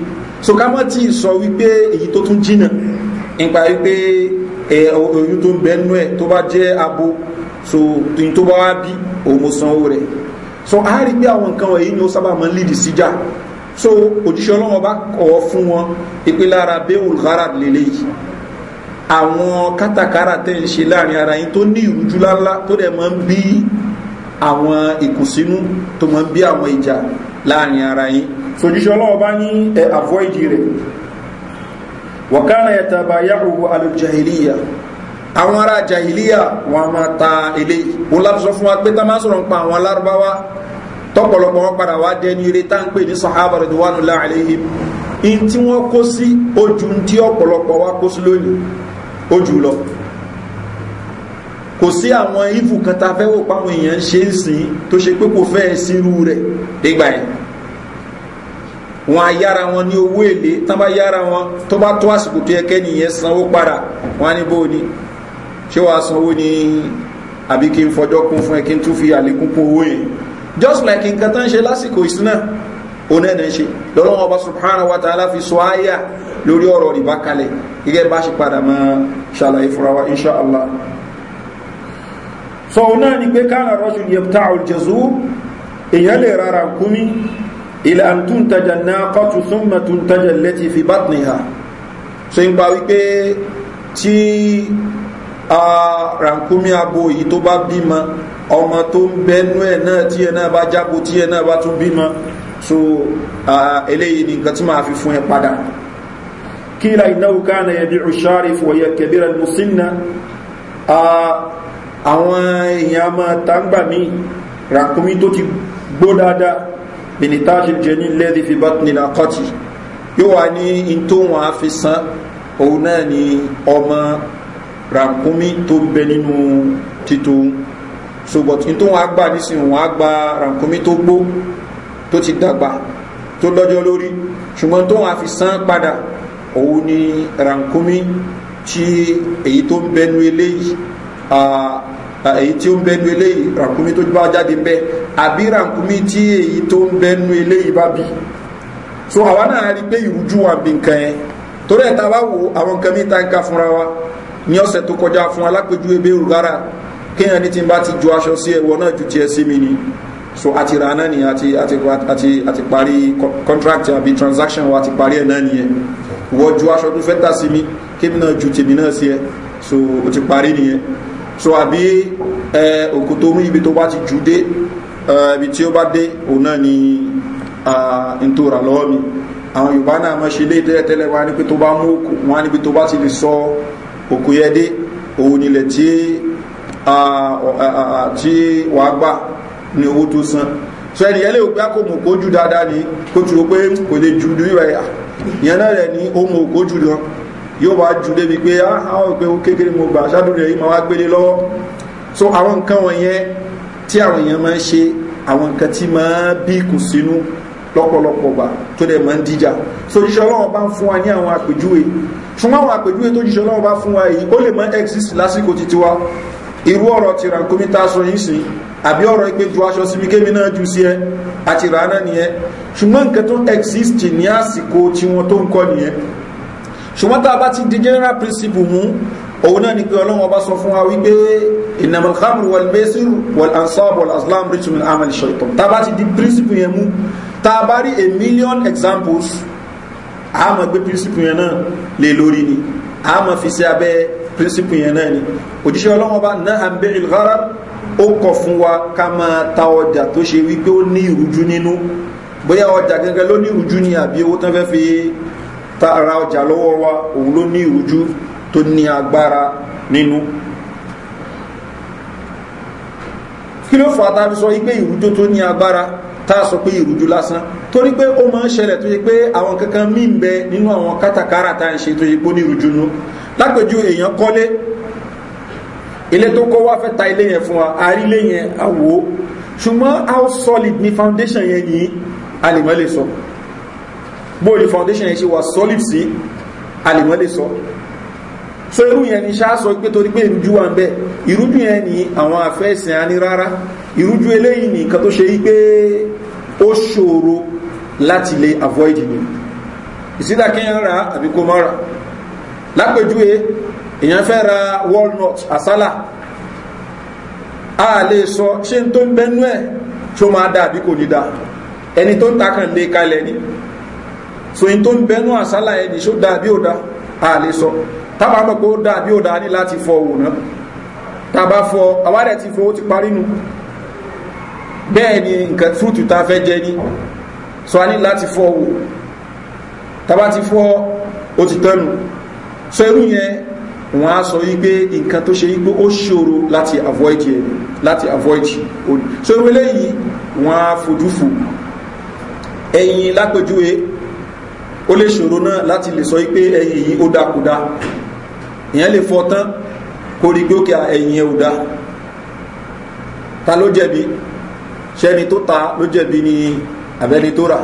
so ká mọ́ tí sọ wípé èyí tó tún jìnà nípa wípé oyún tó ń bẹnu ẹ̀ tó bá jẹ́ abo so tóyìn tó bá wá bí òmò sanwó rẹ̀ so a rí pé àwọn nǹkan wọ̀nyí ni ó sábà máa ń lìdì síjà so òjíṣẹ́ ọlọ́wọ́n bá kọ̀ fún wọn ìpínlára bẹ́ẹ̀ òlùkárà lélẹ́yìí àwọn kátàkárà tẹ́ ń ṣe láàrin ara yín tó ní ìrújú láńlá tó dẹ̀ máa ń bí àwọn ìkùnsínú tó mọ̀ bí àwọn ìjà láàrin ara yín sojúṣọ́ lọ́wọ́ bá ní ẹ àfọ́ìjì rẹ̀ wọ̀kánà ẹ̀ta bá yáhùwù alùjahiliya àwọn ará jahiliya wọn máa ta ilé wọn láti fún wa pé tá máa sọ̀rọ̀ nípa àwọn alárúbáwá tọ́pọ̀lọpọ̀ wọn padà wá dẹni eré tá ń ní sahaba ridwanullahi alaihim in tí wọ́n kó sí ojú tí ọ̀pọ̀lọpọ̀ wa kó sí lónìí ojú lọ kò sí àwọn ìfù kan ta fẹ́ wò páwọn èèyàn ṣe ń sìn tó ṣe pé kò fẹ́ sírú rẹ̀ nígbà yẹn wọn a yára wọn ní owó èlé tán bá yára wọn tó bá tó àsìkò tó yẹ kẹ́nìyẹn sanwó padà wọn á ní bó ni ṣé wàá sanwó ni àbí kí n fọjọ́ kún fún ẹ kí n tún fi àlékún kún owó yẹn just like nǹkan tán ṣe lásìkò ìsinà onẹ́nà ṣe lọ́lọ́wọ́ ọba subhanahu wa ta'ala fi sọ áyà lórí ọ̀rọ̀ rìbá kalẹ̀ gẹ́gẹ́ bá ṣe padà máa ṣàlàyé fúnra wa insha so òun náà ni pé káàlà rọ́ṣùn yẹ̀pútà òjẹ̀sù èèyàn lè rárá kúmí ilẹ̀ àtúntajà náà kọ́tù súnmọ̀ túntajà lẹ́tì fi bá tìǹhà so ìgbà wípé tí a rànkúmí abo yìí tó bá bímọ ọmọ tó ń bẹnu ẹ̀ náà tí ẹ náà bá jábo tí ẹ náà bá tún bímọ so eléyìí ni nǹkan tí máa fi fún ẹ padà kí ilà ìnáwó káàlà yẹ bí ọ̀ṣàrífù ọ̀yẹ kẹbíra mùsùlùmí àwọn èèyàn máa tàǹgbà míì ràkúnmí tó ti gbó dáadáa bìnítà ṣe jẹ ní lẹ́dí fi bá nínú akọ́tì yóò wá ní in tó wọn á òun náà ni ọmọ ràkúnmí tó ń bẹ nínú títò ṣùgbọ́n in tó wọn á gbà nísìnyí wọn á gba ràkúnmí tó gbó tó ti dàgbà tó lọ́jọ́ lórí ṣùgbọ́n tó wọn fi san padà òun ni ràkúnmí tí èyí tó ń bẹnu eléyìí èyí tí ó ń bẹnu eléyìí ràkúnmí tó bá jáde bẹ àbí ràkúnmí tí èyí tó ń bẹnu eléyìí bá bí so àwa náà rí pé ìrújú wà bí nǹkan yẹn torí ẹ̀ tá a bá wo àwọn nǹkan mí ta ń ka fúnra wa ní ọ̀sẹ̀ tó kọjá fún alápèjúwe bẹ́ẹ̀ rárá kéèyàn ní tí n bá ti ju aṣọ sí ẹwọ náà ju tiẹ̀ sí mi ni so àti ra náà ni àti àti àti àti parí contract àbí transaction wa àti parí ẹ̀ náà nìyẹn wọ́n ju aṣọ tó fẹ́ tà sí mi kébì náà ju tèmi náà sí ẹ so o ti parí nìyẹn so àbí òkúta omi ibi tó bá ti jù dé ibi tí ó bá dé òun náà ni ntora lọ́wọ́ mi àwọn yorùbá náà mọ̀ ṣe lé tẹ́lẹ̀tẹ́lẹ̀ wá ní pé tó bá mú òkú wá níbi tó bá ti lè sọ òkú yẹ dé òun nílẹ̀ tí tí wàá gbà ní owó tó san so ẹni yẹn lè gbá kò mọ̀ kó jù dáadáa ní kó tù ó pé kò lè jù ní ìwà ìyẹn náà rẹ̀ ní ó mọ̀ kó jù lọ yóò wá jù débi pé àwọn ah, òpin kékeré mo gbà ṣáàdùn rẹ̀ yìí máa wá gbélé lọ́wọ́ so àwọn nǹkan wọ̀nyẹn tí àwọn èèyàn máa ń ṣe àwọn nǹkan tí máa bí kù sínú lọ́pọ̀lọpọ̀ gbà tó dẹ̀ máa ń díjà so jíṣẹ́ ọlọ́run bá ń fún wa ní àwọn àpèjúwe ṣùgbọ́n àwọn àpèjúwe tó jíṣẹ́ ọlọ́run bá fún wa yìí ó lè máa exist lásìkò títí wa irú ọ̀rọ̀ ti rànkómi tá a sọ yìí sìn àbí ọ̀rọ̀ ìpé ju aṣọ sí mikémi náà jù sí ẹ àti ràánà nìyẹn ṣùgbọ́n nǹkan tó exist ní àsìkò tí tó ń kọ́ nìyẹn ṣùgbọ́n tá a bá ti di general principle mú òun náà ni pé ọlọ́wọ́n bá sọ fún wa wípé innamal khamru wal maisiru wal ansab wal azlam rijsun min tá a bá ti di principle yẹn mú tá a bá rí a million examples a máa gbé principle yẹn náà lé lórí ni a máa fi sí abẹ́ principle yẹn náà ni òjíṣẹ́ ọlọ́wọ́n bá ná àmbẹ́ ìlhara ó kọ̀ fún wa ká máa ta ọjà tó ṣe wípé ó ní ìrújú nínú bóyá ọjà gẹ́gẹ́ ló ní ìrújú ni àbí owó tán fẹ́ fi tá ọjà lọ́wọ́ wa òun ló ní ìrújú tó ní agbára nínú kí ló fà tá a fi sọ wípé ìrújú tó ní agbára tá a sọ pé ìrújú lásán torí pé ó máa ń ṣẹlẹ̀ tó yẹ pé àwọn kankan míì bẹ nínú àwọn kátàkárà tá à ń ṣe tó yẹ pé ó ní ìrújú nú èèyàn kọ́lé ilé tó kọ́ wá fẹ́ ta ilé yẹn how solid ni foundation yẹn bóòlì foundation ẹ̀ ṣe wà solid sí alìmọ́lẹ̀ sọ so irú yẹn ni ṣáà pé torí pé ìrújú wa ń bẹ ìrújú yẹn ni àwọn àfẹ́sìn á ní rárá ìrújú eléyìí ni nǹkan tó ṣe yí pé ó ṣòro láti lè avoid ni ìsídà kéèyàn ra àbí kó má ra lápèjúwe èèyàn fẹ́ ra walnut àsálà a lè sọ ṣé n tó ń bẹnu ẹ̀ ṣó máa dà àbí kò ní dà ẹni tó ń ta lè kalẹ̀ ni so in tó ń bẹnu àsálà ẹni ṣó dáa bí ó dáa a lè sọ tábà mọ̀ pé ó dáa bí ó dáa ní láti fọ òun náà tábà fọ àwárẹ̀ ti fọ ó ti parí nu bẹ́ẹ̀ ni nǹkan fúrútù ta fẹ́ jẹ ní so a ní láti fọ òun tábà ti fọ ó ti tẹnu so irú yẹn wọ́n á sọ wípé nǹkan tó ṣe wípé ó ṣòro láti avoid yẹn láti avoid òní so irú eléyìí wọ́n á fojú fò ẹ̀yìn lápèjúwe ó lè ṣòro náà láti lè sọ pé ẹyin yìí ó dá kò dá ìyẹn lè fọ tán kó rí pé ó yẹn ò dá ta ló jẹ̀bi ṣẹni tó ta ló jẹ̀bi ni abẹ́ni tó rà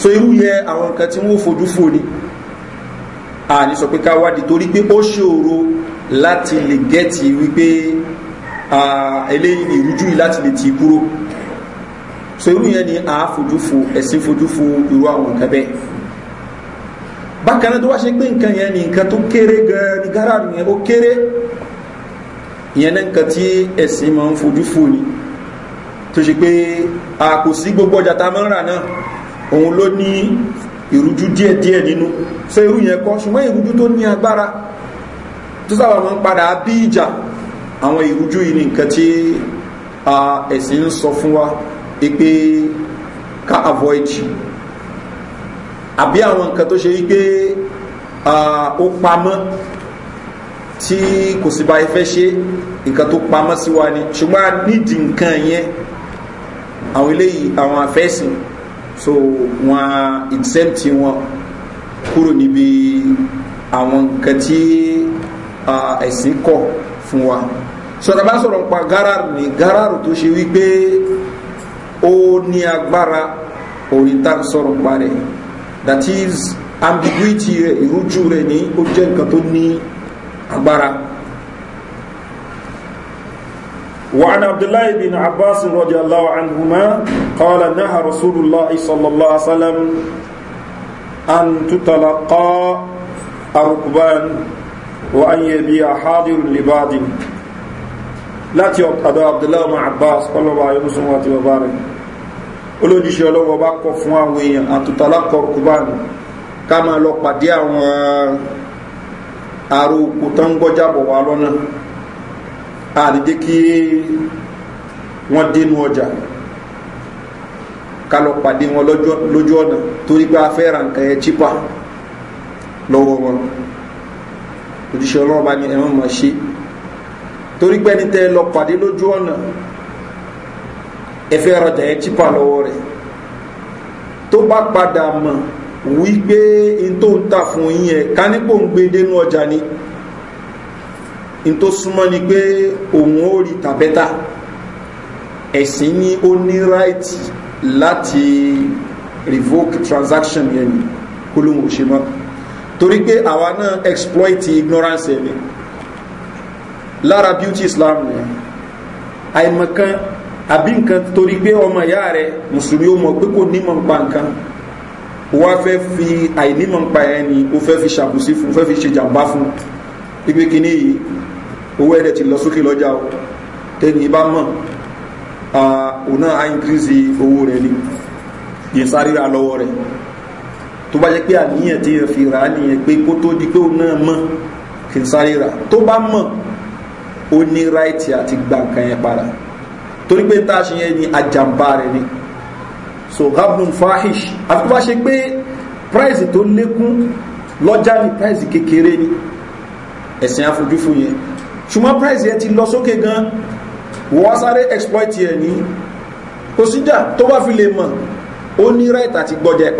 so irú yẹ àwọn nǹkan tí wọ́n fojú fò ni a ní sọ pé ká wádìí torí pé ó ṣòro láti lè gẹ́ẹ̀tì wípé eléyìí ìrújú yìí láti lè ti kúrò so irú yẹn ni a fojú fo ẹ̀sìn fojú fo irú àwọn nǹkan bẹ́ẹ̀ bákan náà tó wá ṣe pé nǹkan yẹn ni nǹkan tó kéré gan-an ní gáràdù yẹn ó kéré ìyẹn náà nǹkan tí ẹ̀sìn máa ń fojú fo ni tó ṣe pé a kò sí gbogbo ọjà tá a máa ń rà náà òun ló ní ìrújú díẹ̀díẹ̀ nínú so irú yẹn kọ́ ṣùgbọ́n ìrújú tó ní agbára tó sábà máa ń padà bí ìjà àwọn ìrújú yìí ni nǹkan tí ẹ̀sìn ń sọ fún wa ipe ká avoid àbí àwọn nǹkan tó ṣe wípé ó pamọ́ tí kò sì bá ifẹ́ ṣe nǹkan tó pamọ́ sí wa ni ṣùgbọ́n nídìí nǹkan yẹn àwọn eléyìí àwọn afẹ́sìn so wọn exempt wọn kúrò níbi àwọn nǹkan tí ẹ̀sìn kọ̀ fún wa sọ̀rọ̀ bá sọ̀rọ̀ nípa gáràrù ni gáràrù tó ṣe wípé ó ní agbára orí tá a that is ambiguity rẹ̀ ìrújú rẹ̀ ní ó jẹ́ nǹkan tó ní agbára. وعن عبد الله بن عباس رضي الله عنهما قال نهى رسول الله صلى الله عليه وسلم أن تتلقى الركبان وأن يبيع حاضر لباد láti ọ̀dọ̀ abdullahi ọmọ abbas kọlọ́wà ayọ́mùsùn àti bàbá rẹ̀ olójíṣẹ́ ọlọ́wọ́ bá kọ fún àwọn èèyàn àtútàlá kọ kúbánù ká máa lọ pàdé àwọn àrò òkú tó ń gbọ́jábọ̀ wá lọ́nà àdìdé kí wọ́n dénú ọjà ká lọ pàdé wọn lójú ọ̀nà torí pé a ra nǹkan ẹ̀ chípa lọ́wọ́ wọn òjíṣẹ́ ọlọ́wọ́ bá ní ẹ̀wọ̀n máa ṣe torí pé ní tẹ́ lọ pàdé lójú ọ̀nà ẹ̀fẹ́ rajà ẹ̀ chípa lọ́wọ́ rẹ̀ tó bá padà mọ̀ wípé in tó ń tà fún yín ẹ̀ ká ń gbé dénú ọjà ni in tó ni pé òun ó rí tàbẹ́tà ẹ̀sìn ní ó ní ráìtì láti revoke transaction yẹn ni kó lóun ò ṣe mọ́ torí pé àwa náà exploit ignorance ẹ̀ ni lára beauty islam ni àìmọ̀kan àbí nǹkan torí pé ọmọ ìyá rẹ̀ mùsùlùmí ó mọ̀ pé kò nímọ̀ nípa nǹkan wá fẹ́ fi àìnímọ̀ nípa ẹ̀ ni ó fẹ́ fi ṣàkóso fún fẹ́ fi ṣe jàǹbá fún ibi kìíní yìí owó ẹ̀dẹ̀ ti lọ sókè lọ́jà o tẹ́ni bá mọ̀ òun á increase owó rẹ̀ ni yẹn sáré ra lọ́wọ́ rẹ̀ tó bá jẹ́ pé àníyàn tí yẹn fi rà á nìyẹn pé kó tó di pé òun náà mọ̀ kì í sáré rà tó bá mọ̀ ó ní ráìtì àti gba nǹkan yẹn padà torí pé tá a ṣe yẹn ni àjàmbá rẹ ni so gabnum fahish àfi tó bá ṣe pé price tó lékún lọ́jà ní price kékeré ni ẹ̀sìn àfojúfò yẹn ṣùgbọ́n price yẹn ti lọ sókè gan wọ́n wá sáré exploit yẹn ní kò síjà tó bá fi lè mọ̀ ó ní ráìtì àti gbọ́jà ẹ̀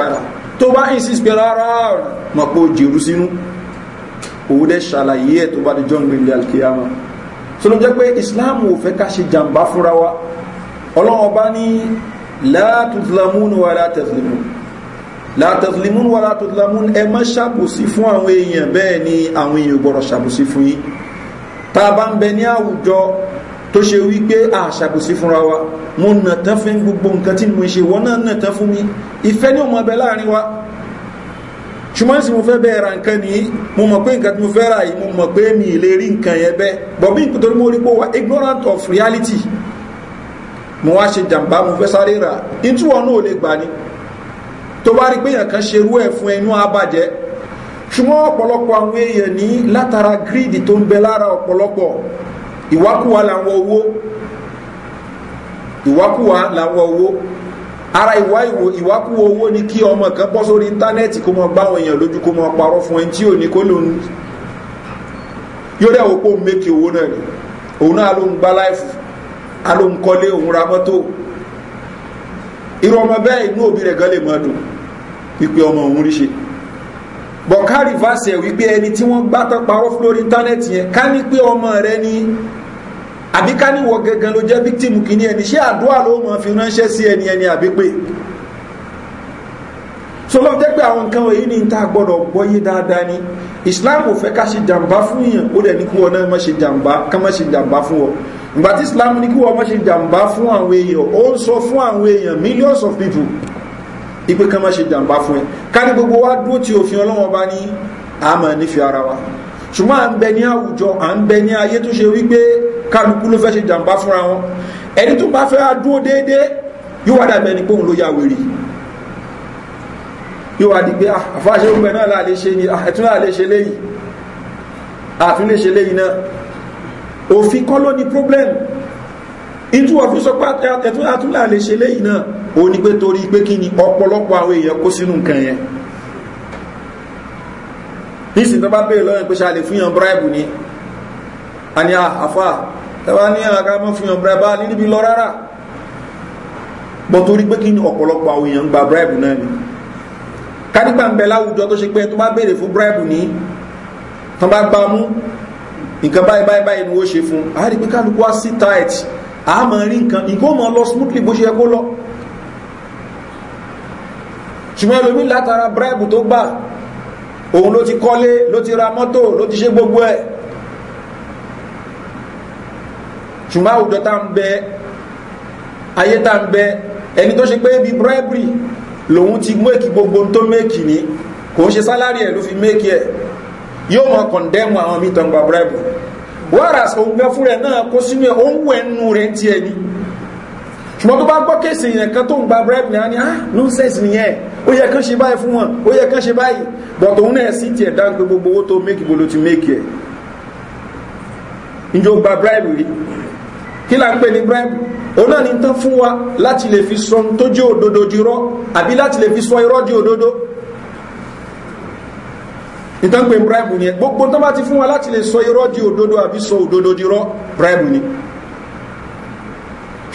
tó bá insist pé rárá mọ̀ pé ó jèrú sínú òun ṣàlàyé ẹ̀ tó bá di john green alkiyama sọlọ jẹ́ pé islam ò fẹ́ ká ṣe jàǹbá fúnra wa ọlọ́run ọba ní látùtùlámún wà látẹ̀sílẹ̀mún látàtìlímún wà látàtìlámún ẹ má ṣàbòsí fún àwọn èèyàn bẹ́ẹ̀ ni àwọn èèyàn gbọ́rọ̀ ṣàbòsí fún yí ta bá ń bẹ ní àwùjọ tó ṣe wípé a ṣàbòsí fúnra wa mo nàtán fún gbogbo nǹkan tí mo ṣe wọ́n náà nàtán fún mi ìfẹ́ ní òun ọbẹ̀ láàrin wa ṣùgbọ́n sì mo fẹ́ bẹ́ẹ̀ ra nǹkan nìyí mo mọ̀ pé nǹkan tí mo fẹ́ ra yìí mo mọ̀ pé mi ì lè rí nǹkan yẹn bẹ́ẹ̀ but bí nítorí mo rí pé wa ignorant of reality mo wá ṣe jàǹbá mo fẹ́ sáré rà ìtúwọ̀ náà ò lè gbà ni tó bá rí pé èèyàn kan ṣerú ẹ̀ fún ẹnu àbàjẹ́ ṣùgbọ́n ọ̀pọ̀lọpọ̀ àwọn èèyàn ní látara gírídì tó ń bẹ lára ọ̀pọ̀lọpọ̀ ìwákùwà làwọn owó ìwákùwà làwọn owó ara ìwà ìwákú owó ni kí ọmọ kan bọ́ sórí íńtánẹ́ẹ̀tì kó mọ gbá àwọn èèyàn lójú kó mọ parọ́ fún ẹni tí ò ní kó lòun yóò dẹ̀ wò pé òun mékì owó náà ni òun náà ló ń gbá láìfù a ń kọ́lé òun ra mọ́tò irú bẹ́ẹ̀ inú òbí rẹ̀ gan lè mọ́ dùn wípé ọmọ òun ríṣe bọ̀kárì fásẹ̀ wípé ẹni tí wọ́n gbá tán parọ́ fún lórí íńtánẹ́ẹ̀tì yẹn ká ní pé ọmọ rẹ ní àbí ká níwọ̀ gangan ló jẹ́ bíktìmù kìíní ẹni ṣé àdúrà ló mọ̀ fi ránṣẹ́ sí ẹni ẹni àbí pé so lọ́n jẹ́ pé àwọn nǹkan wọ̀nyí ní ta gbọ́dọ̀ gbọ́yé dáadáa ni Islam ò fẹ́ ká ṣe jàǹbá fún yàn ó dẹ̀ ní kí wọn náà ṣe jàǹbá ká má ṣe jàǹbá fún wọn ìgbà tí Islam ní kí wọn má ṣe jàǹbá fún àwọn èèyàn ó ń sọ fún àwọn èèyàn millions of people ipe ká má ṣe jàǹbá fún ẹ ká ní gbogbo wa dúró ti òfin ọlọ́wọ́n bá ní àmọ́ nífẹ̀ẹ́ ara wa ṣùgbọ́n à ń bẹ ní àwùjọ à ń bẹ ní ayé tó ṣe wípé kálukú ló fẹ́ ṣe jàǹbá fúnra wọn ẹni tó bá fẹ́ dúró déédéé yóò wá dàbí ẹni pé òun ló ya wèrè yóò wá di pé ah, àfáṣe òun bẹ̀ náà láàlè ṣe ni ah, ẹ̀tún láàlè ṣe léyìí àtún lè ṣe léyìí náà òfin kọ́ ló ní problem ìtú ọ̀fin sọ pé ẹ̀tún àtún láàlè ṣe léyìí náà ó ní pé torí pé kí ni ọ̀pọ̀lọpọ̀ àwọn èèyàn kó sínú nǹkan yẹn nísìnyí tó bá béèrè lọ́yìn pé ṣe a lè tẹ́wà ní àga mọ́ fi hàn bribe ní níbi lọ rárá bọ́ torí pé kí ni ọ̀pọ̀lọpọ̀ àwọn èèyàn gba bribe náà ni kánígbà ń bẹ láwùjọ tó ṣe pé tó bá béèrè fún bribe ní tó bá gbá mú nǹkan báyìí báyìí báyìí ni ó ṣe fún a rí pé kálukú wá sí tight a mọ̀ rí nǹkan nǹkan ó mọ̀ lọ smoothly bó ṣe yẹ kó lọ ṣùgbọ́n ẹlòmí látara bribe tó gbà òun ló ti kọ́lé ló ti ra mọ́tò ló ti ṣe gbogbo ẹ̀ ṣùgbọ́n àwùjọ tá ń bẹ ayé tá ń bẹ ẹni tó ṣe pé ibi bribery lòun ti méèkì gbogbo tó méèkì ní kò ń ṣe sálárì ẹ̀ ló fi méèkì ẹ̀ yóò mọ kọ̀ndẹ́mù àwọn míì tó ń gba bribe whereas òun gan fúnra ẹ̀ náà kó sínú ẹ̀ ó ń wẹ̀ nù rẹ̀ ti ẹ̀ ní ṣùgbọ́n tó bá gbọ́ kéèsì èèyàn kan tó ń gba bribe ní ní ah nonsense nìyẹn ó yẹ kán ṣe báyìí fún wọn ó yẹ kán ṣe báyìí but òun náà sì tiẹ̀ dá gbogbo owó tó méèkì gbogbo ti méèkì ẹ̀ njó gba bribe kí là ń pè ní bribe òun náà ní tán fún wa láti lè fi sọ tó jẹ́ òdodo di irọ́ àbí láti lè fi sọ irọ́ di òdodo ìtàn pé bribe ni gbogbo tó bá ti fún wa láti lè sọ irọ́ di òdodo àbí sọ òdodo di irọ́ bribe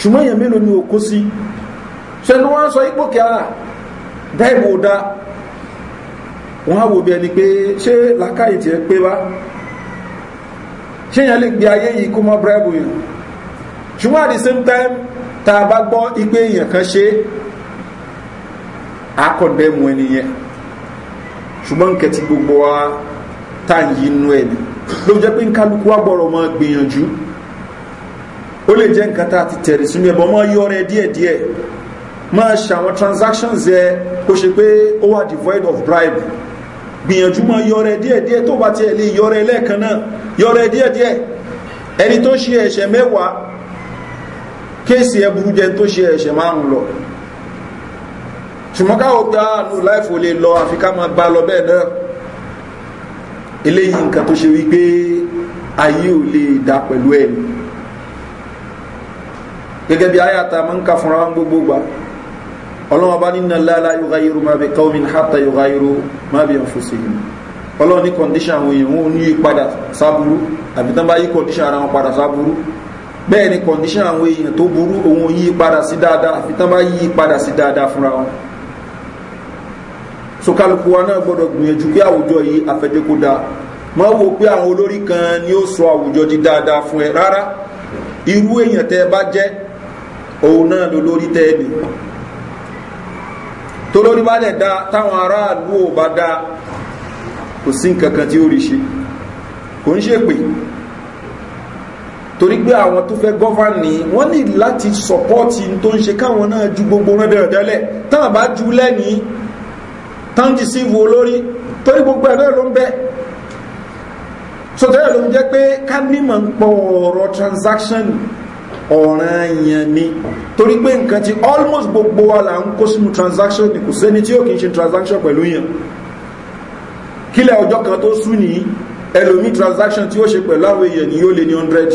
ṣùgbọ́n èèyàn mélòó ni òkú sí ṣẹlú wọ́n sọ ipò kí ara dáìbò dá wọ́n wò bí ẹni pé ṣé làkàyè tí ẹ pé wá ṣé èèyàn lè gbé ayé yìí kó mọ́ bíráìbù yìí ṣùgbọ́n at the same time tá a bá gbọ́ igbe èèyàn kan ṣe àkọ̀dẹ́mu ẹni yẹn ṣùgbọ́n nǹkan tí gbogbo wa tá ń yí inú ẹ̀ ni ló jẹ́ pé nkálukú wa gbọ́dọ̀ máa gbìyànjú ó lè jẹ́ nǹkan tá a ti tẹ̀rì sínú ẹ̀bọ̀ máa yọ ọrẹ díẹ̀díẹ̀ máa ṣe àwọn transactions ẹ kó ṣe pé ó wà devoid of bribe gbìyànjú máa yọ ọrẹ díẹ̀díẹ̀ tó bá tiẹ̀ lè yọ ọrẹ lẹ́ẹ̀kan náà yọ ọrẹ díẹ̀díẹ̀ ẹni tó ṣe ẹ̀ṣẹ̀ mẹ́wàá kéèsì ẹ burú jẹ tó ṣe ẹ̀ṣẹ̀ márùn lọ ṣùgbọ́n káwọ́ pé àánú ah, láìfò lè lọ àfi ká máa bá lọ bẹ́ẹ̀ náà eléyìí nǹkan tó ṣe wípé ayé ò lè dá pẹ̀lú ẹ̀ gẹ́gẹ́ bí ayáta máa ń ka fúnra wọn gbogbo gbà ọlọ́wọ́n bá nínú láàlá yóò yẹrù máa bẹ káwọn mìíràn hátà yóò yẹrù máa bẹ ń fòsè yìí ọlọ́wọ́n ní kọ́ndíṣàn àwọn èèyàn wọn ò ní padà sábúrú àbí bá yí kọ́ndíṣàn ara wọn padà sábúrú bẹ́ẹ̀ ni condition àwọn èèyàn tó burú ohun yí padà sí dáadáa àfi tán bá yí padà sí dáadáa fúnra wọn so wa náà gbọ́dọ̀ gbìyànjú pé àwùjọ yìí dáa wo pé àwọn olórí kan ni ó sọ àwùjọ di dáadáa fún ẹ rárá irú èèyàn tẹ́ bá jẹ́ òun náà ló lórí tẹ́ tó lórí bá táwọn aráàlú ò bá kò sí kò ń torí pé àwọn tó fẹ́ gọ́fàní wọ́n ní láti sọpọ́tì tó ń ṣe káwọn náà ju gbogbo rẹ́bẹ̀rẹ̀dẹ́lẹ̀ tán bá ju lẹ́ni tán jí sí ìwò olórí torí gbogbo ẹ̀rọ ló ń bẹ́ sọtẹ́rẹ̀ ló ń jẹ́ pé ká nímọ̀ ń pọ̀ ọ̀rọ̀ transaction ọ̀ràn èèyàn ni torí pé nǹkan ti almost gbogbo wa là ń kó sínú transaction ni kò sẹ́ni tí ó kì í ṣe transaction pẹ̀lú yàn kílẹ̀ ọjọ́ kan tó sú nìyí ẹlòmí transaction tí ó ṣe pẹ̀lú àwọn èèyàn ni yóò lé ní 100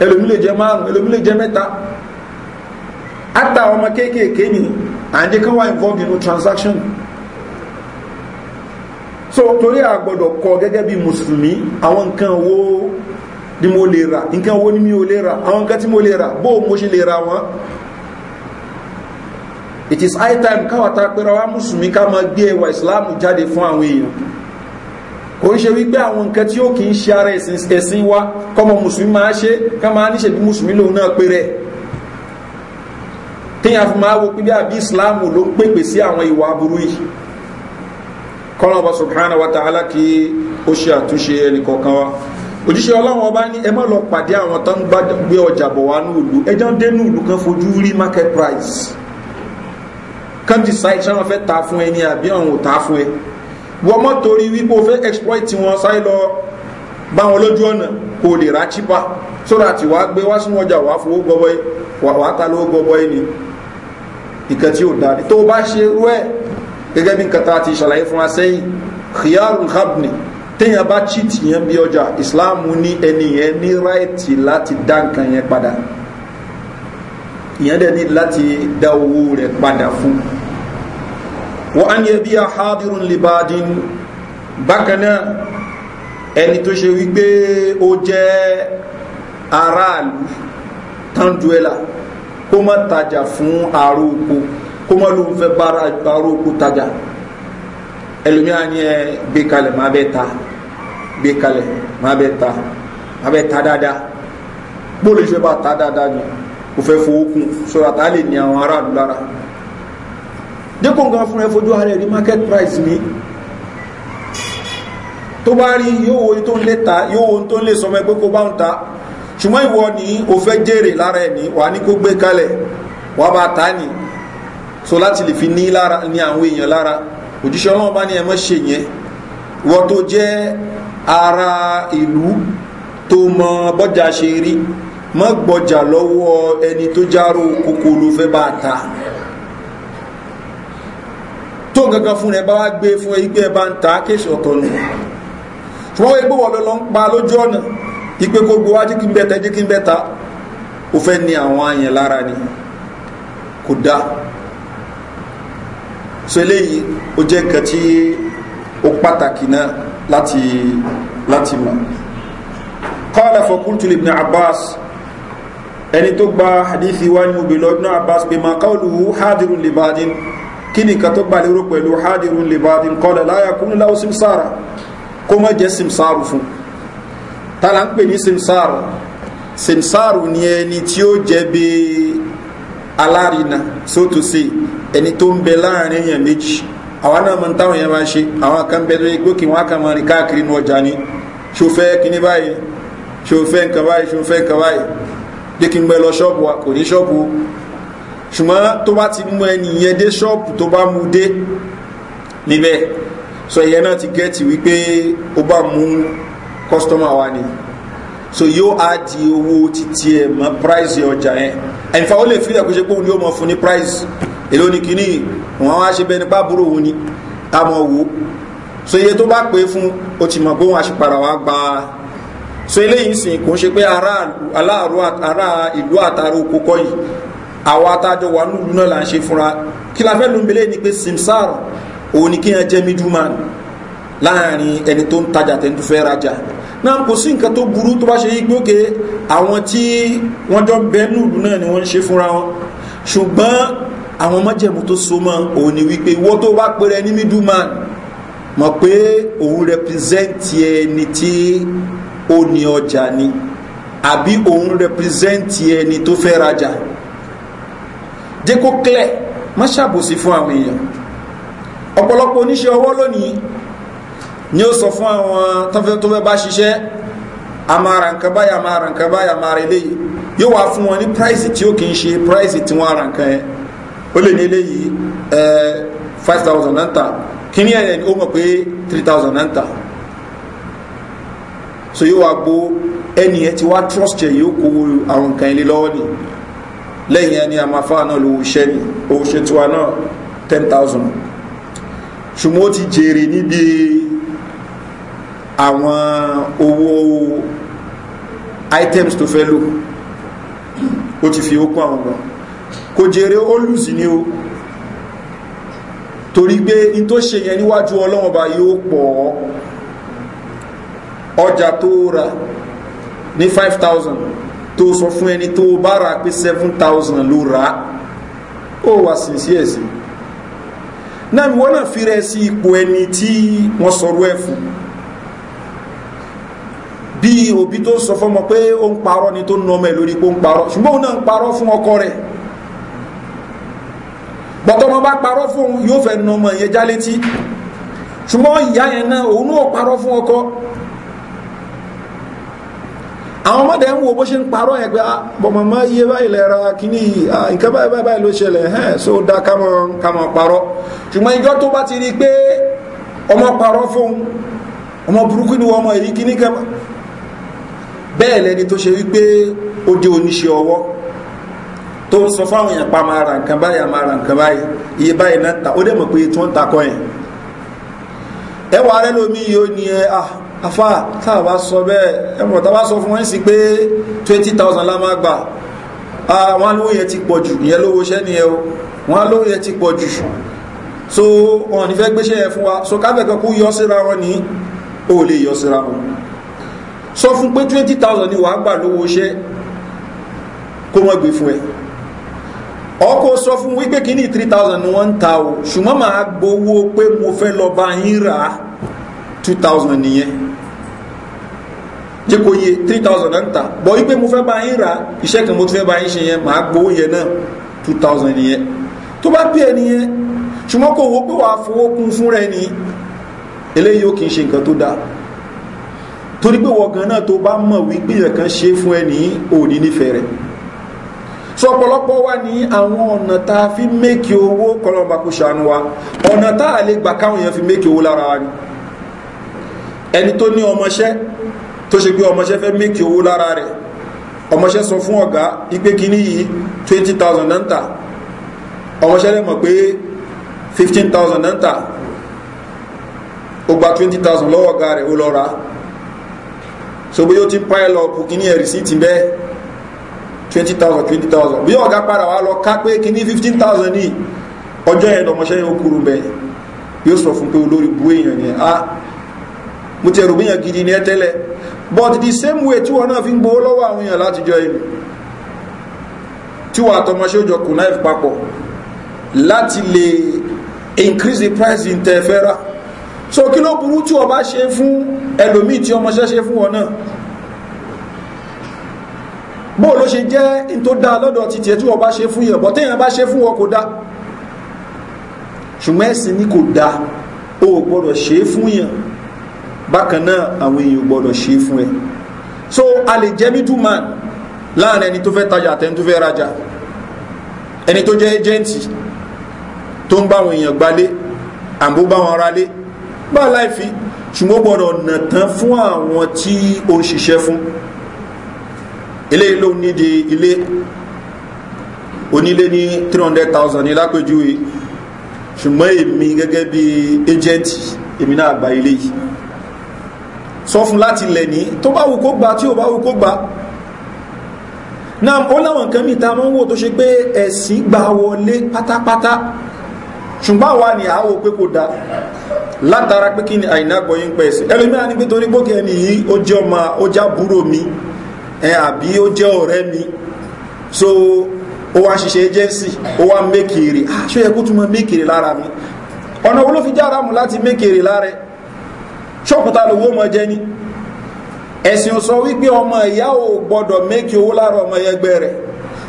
ẹlòmí lè jẹ márùn ẹlòmí lè jẹ mẹ́ta ata ọmọ kéékèèké ni àǹdí kan wà involved nínú transaction so torí àgbọ̀dọ̀ kọ gẹ́gẹ́ bí mùsùlùmí àwọn nǹkan wo ni mo lè rà nǹkan wo ni mi ò lè rà àwọn nǹkan tí mo lè rà bó mo ṣe lè ra wọn it is high time káwàtà pẹ́ra wa mùsùlùmí ká máa gbé ẹwà ìsìláàmù jáde fún àwọn èèyàn ó ń ṣe wípé àwọn nǹkan tí ó kì í ṣe ara ẹ̀sìn wa kọ́mọ mùsùlùmí máa ṣe ká máa níṣe bí mùsùlùmí lòun náà pé rẹ̀ a fi máa wo pé bí àbí ìsìláàmù ló ń pèpè sí àwọn ìwà aburú yìí kọ́lọ́ọ̀bà subhanahu wa ta'ala kí ó ṣe àtúnṣe ẹnìkọ̀ọ̀kan wa òjíṣẹ́ ọlọ́run ọba ní ẹ má lọ pàdé àwọn tó ń gbé ọjà bọ̀ wá ní ìlú ẹjọ́ ń dénú ìlú kan fojú rí market price kan decide ṣé wọ́n fẹ́ ta fún ẹ ní àbí àwọn ta fún ẹ wọ́n mọ́ torí wípé o fẹ́ exploit wọn sáré lọ bá wọn lójú ọ̀nà kò lè ra chipa sódà tí wàá gbé wá sínú ọjà wàá fowó gbọbọ yìí wàá ta lówó gbọbọ yìí ni ìkan tí ó dáa ni tó o bá ṣe irú ẹ̀ gẹ́gẹ́ bí nǹkan tá ti ṣàlàyé fún wa sẹ́yìn khiyarul khabni téèyàn bá cheat yẹn bí ọjà islam ní ẹni yẹn ní ráìtì láti dá nǹkan yẹn padà ìyẹn dẹ̀ ní láti dá owó rẹ̀ padà fún un wọ́n á ní ẹbí àhádìrún libadin bákan náà ẹni tó ṣe wípé ó jẹ́ aráàlú tanduela kó má tajà fún àrò oko kó má ló ń fẹ́ bára àrò oko tajà ẹlòmíà ni ẹ gbé kalẹ̀ má bẹ́ẹ̀ ta gbé kalẹ̀ má bẹ́ẹ̀ ta má bẹ́ẹ̀ ta dáadáa gbọ́dọ̀ ṣe bá ta dáadáa ni kò fẹ́ fowó kun sọ̀rọ̀ àtàlẹ́ ni àwọn aráàlú lára dípò nǹkan fún ẹ ààrẹ rí market price mi tó bá rí yóò wo tó ń lè ta yóò wo tó ń lè sọmọ ẹgbẹ́ kó bá ń ta ṣùgbọ́n ìwọ ní o fẹ́ jèrè lára ẹ̀ wà ní kó gbé kalẹ̀ wà bá ta ni so láti lè fi ní lára ní àwọn èèyàn lára òjíṣẹ́ ọlọ́run bá ní ẹ ṣe yẹn ìwọ tó jẹ́ ara ìlú tó mọ bọ́jà ṣe rí mọ́ gbọ́jà lọ́wọ́ ẹni tó járó kòkòrò fẹ́ bá ta tó gangan fún rẹ bá wá gbé fún ẹgbẹ ẹ bá ń ta kéṣì ọ̀tọ̀ nù ṣùgbọ́n egbò wọ́n lọ́lọ́ ń pa lójú ọ̀nà ìpè gbogbo wá jí kí n bẹ́ta jí kí n bẹ́ta ó fẹ́ ní àwọn àyàn lára ni kò dá so eléyìí ó jẹ́ nǹkan tí ó pàtàkì náà láti láti mọ̀ qala fa qultu li abbas ẹni tó gba hadithi wa ni mo bè lọ abbas pé ma qawluhu libadin kí ni nǹkan tó gbà lérò pẹ̀lú hadirun lè bá dín kọ́lẹ̀ láyà kún láwọ́ simsara kó mọ́ jẹ́ simsaru fún tààlà ń pè ní simsaru simsaru ni ẹni tí ó jẹ́ bí alárinà so to say ẹni tó ń bẹ láàrin èèyàn méjì àwọn náà mọ táwọn èèyàn máa ṣe àwọn kan bẹ lórí gbókè wọn kà máa rìn káàkiri inú ọjà ni ṣòfẹ́ kíní báyìí ṣòfẹ́ nǹkan báyìí ṣòfẹ́ nǹkan báyìí dé kí n gbẹ lọ ṣọ́ọ̀bù wa kò ní ṣọ́ọ̀bù ṣùgbọ́n tó bá ti mú ẹni yẹn dé ṣọ́ọ̀pù tó bá mú dé níbẹ̀ so ìyẹn náà ti gẹ́ẹ̀tì wípé ó bá mú kọ́sítọ́mà wa ni so yóò á di owó títí ẹ̀ mọ́ price ọjà yẹn ẹ̀nfà ó lè fi ìdàkó ṣe pé òun yóò mọ̀ fún ní price èlò ní kínní wọn á ṣe bẹ́ẹ̀ nípa òun ni a mọ̀ wò so iye tó bá pè é fún o ti mọ̀ pé òun àṣepadà wa gba so eléyìí sìn kò ń ṣe pé ará ìlú àtàrà òkú kọ́ yìí àwọn atájọ wà ní ìlú náà là ń ṣe fúnra kí la fẹ́ lu mbélé ni pé simsar òun ni kí yẹn jẹ́ middleman láàrin ẹni tó ń tajà tẹ́ni tó fẹ́ rajà náà kò sí nǹkan tó burú tó bá ṣe yí gbókè àwọn tí wọ́n jọ bẹ́ẹ̀ ní náà ni wọ́n ń ṣe fúnra wọn ṣùgbọ́n àwọn májẹ̀mú tó so mọ́ òun ni wípé ìwọ́ tó bá pèrè ní middleman mọ̀ pé òun rẹpírẹsẹ̀ntì ẹni tí ó ní ọjà ni àbí òun rẹpírẹsẹ̀ntì ẹni tó fẹ́ rajà jẹ́ kó clear má ṣàbòsí fún àwọn èèyàn ọ̀pọ̀lọpọ̀ oníṣẹ́ ọwọ́ lónìí ni ó sọ fún àwọn tó fẹ́ bá ṣiṣẹ́ a máa nǹkan báyìí a nǹkan báyìí a eléyìí yóò wá fún wọn ní price tí ó kì í ṣe price tí wọ́n ra nǹkan yẹn ó lè ní eléyìí five thousand náà ta kíní ẹ̀rẹ̀ ni ó mọ̀ pé three thousand náà ta so yóò wá gbó ẹnìyẹn tí wá trust yẹ yóò kó àwọn nǹkan ilé lọ́wọ́ nìyí lẹ́yìn ẹni àmàfà náà ló ṣẹ́ ní owó ṣe náà ten thousand ṣùgbọ́n ó ti jèrè níbi àwọn owó items tó fẹ́ lò ó ti fi okun àwọn gan kò jèrè ó lùsì ní o torí pé in tó ṣe yẹn níwájú ọlọ́wọ́n yóò pọ̀ ọjà tó rà ní five thousand tó sọ fún ẹni tó bá ra pé seven thousand ló rà á ó wà sincere sí náà ìwọ náà fi rẹ sí ipò ẹni tí wọ́n sọ̀rọ̀ ẹ̀ fún bí òbí tó sọ fọmọ pé ó ń parọ́ ni tó ń nọ ọmọ ẹ̀ lórí pé ó ń parọ́ ṣùgbọ́n òun náà ń parọ́ fún ọkọ rẹ̀ bọ́tọ́mọ bá parọ́ fún yóò fẹ́ nà ọmọ yẹn jálétí ṣùgbọ́n ìyá yẹn náà òun náà parọ́ fún ọkọ àwọn ọmọdé ń wo bó ṣe ń parọ́ yẹn pé ah, bọ̀mọ̀mọ́ iye báyìí lẹ́ra kìíní ah, nǹkan báyìí báyìí ló ṣẹlẹ̀ hẹ́n so dá kámọ̀ parọ́ ṣùgbọ́n ìjọ tó bá ti rí pé ọmọ parọ́ fún ọmọ burúkú ni ọmọ èyí kìíní kẹma bẹ́ẹ̀ lẹni tó ṣe wípé ó dé oníṣẹ́ ọwọ́ tó ń sọ fáwọn èèyàn pa máa ra nǹkan báyìí máa ra nǹkan báyìí iye báyìí náà ta ó dẹ̀ mọ̀ pé tí ń takọ yẹn ẹwà rẹ lómi yìí ó ní ẹ ah afá tàbá sọ bẹ́ẹ̀ ẹmọ̀ tàbá sọ fún wọ́n sí pé 20,000 la máa gbà àwọn alówó yẹn ti pọ̀ jù lówó iṣẹ́ ni ẹ o wọ́n alówó ti pọ̀ so wọn ní fẹ́ gbéṣẹ́ ẹ fún wa so kábẹ̀kọ́ kú yọ síra wọn ní ó lè yọ síra wọn sọ fún pé 20,000 ni wàá gbà lówó iṣẹ́ kó wọ́n gbé fún ẹ ọkọ̀ sọ fún wípé kí 3000 ni wọ́n ń ta o ṣùgbọ́n máa gbowó pé mo fẹ́ lọ bá yín rà 2000 nìyẹn jẹ́ kó yé three thousand náà ń tà bọ̀ wípé mo fẹ́ bá yín ra iṣẹ́ kan mo tún fẹ́ bá yín ṣe yẹn màá gbowó yẹn náà two thousand yẹn tó bá pè é nìyẹn ṣùgbọ́n kò wo pé wàá fowó kún fún rẹ ni eléyìí ó kì í ṣe nǹkan tó dáa torí pé wọ́n gan náà tó bá mọ̀ wípé yẹn kan ṣe fún ẹ ní òní nífẹ̀ẹ́ rẹ̀ so ọ̀pọ̀lọpọ̀ wà ní àwọn ọ̀nà tá a fi méèkì owó kọlọ́mbà kò ṣàánú wa ọ̀nà tá a lè gbà káwọn èèyàn fi méèkì owó lára wa ni ẹni tó ní ọmọṣẹ́ tó ṣe pé ọmọṣẹ́ fẹ́ mẹ́kì owó lára rẹ̀ ọmọṣẹ́ sọ fún ọ̀gá ipé kíní yìí twenty thousand nanta ọmọṣẹ́ lẹ́mọ̀ pé fifteen thousand nanta ó gba twenty thousand lọ́wọ́ ọ̀gá rẹ̀ ó lọ ra so bí ó ti pile up kíní ẹ̀ rìsíìtì bẹ́ẹ̀ twenty thousand twenty thousand bí ọ̀gá padà wá lọ ká pé kíní fifteen thousand ní ọjọ́ yẹn lọmọṣẹ́ yẹn ó kúrú bẹ́ẹ̀ yóò sọ fún pé olórí bu èèyàn yẹn ah mo ti ẹ̀rù bí yẹn gidi ni ẹ tẹ́lẹ̀ but the same way tí wọ́n náà fi ń gbowó lọ́wọ́ àwọn èèyàn láti jọ ìlú tí wọ́n àtọmọṣẹ́ òjò kù náà papọ̀ láti lè increase the price in tẹ̀fẹ́ra so kí ló burú tí wọ́n bá ṣe fún ẹlòmíì tí ọmọṣẹ́ ṣe fún wọn náà bóò ló ṣe jẹ́ in tó dáa lọ́dọ̀ ti tiẹ̀ tí wọ́n bá ṣe fún yẹn bọ́ téèyàn bá ṣe fún wọn kò dáa ṣùgbọ́n ẹ̀sìn ni kò dáa o ò gbọ́dọ̀ ṣe fún yẹn bákan náà àwọn èèyàn gbọ́dọ̀ ṣe fún ẹ so a lè jẹ́ middle man láàrin ẹni tó fẹ́ tajà àtẹni tó fẹ́ rajà ẹni tó jẹ́ ẹjẹ́ǹtì tó ń bá àwọn èèyàn gbalé àbó bá wọn ralé bá láìfi ṣùgbọ́n gbọ́dọ̀ nà tán fún àwọn tí ó ń ṣiṣẹ́ fún ilé ló ní di ilé onílé ní 300,000 ní lápèjúwe ṣùgbọ́n èmi gẹ́gẹ́ bí ẹjẹ́ǹtì èmi náà gba ilé yìí sọ fún láti lẹ̀ ní tó bá wù kó tí ò bá wù kó náà ó láwọn nǹkan mìta mọ́ tó ṣe pé ẹ̀sìn gbà wọlé pátápátá ṣùgbọ́n wa ni àwọ̀ pé kò dá látara pé kí ni àìná gbọ́yí pẹ̀ sí ẹlòmíràn ní pé torí gbókè ẹni yìí mi ẹ àbí mi so ó wá ṣiṣẹ́ ó wá ah, kó lára mi ọ̀nà wo ṣọ́kùtà lówó mọ jẹ́ ní ẹ̀sìn sọ wípé ọmọ ìyá ò gbọ́dọ̀ méjì owó lára ọmọ ẹgbẹ́ rẹ̀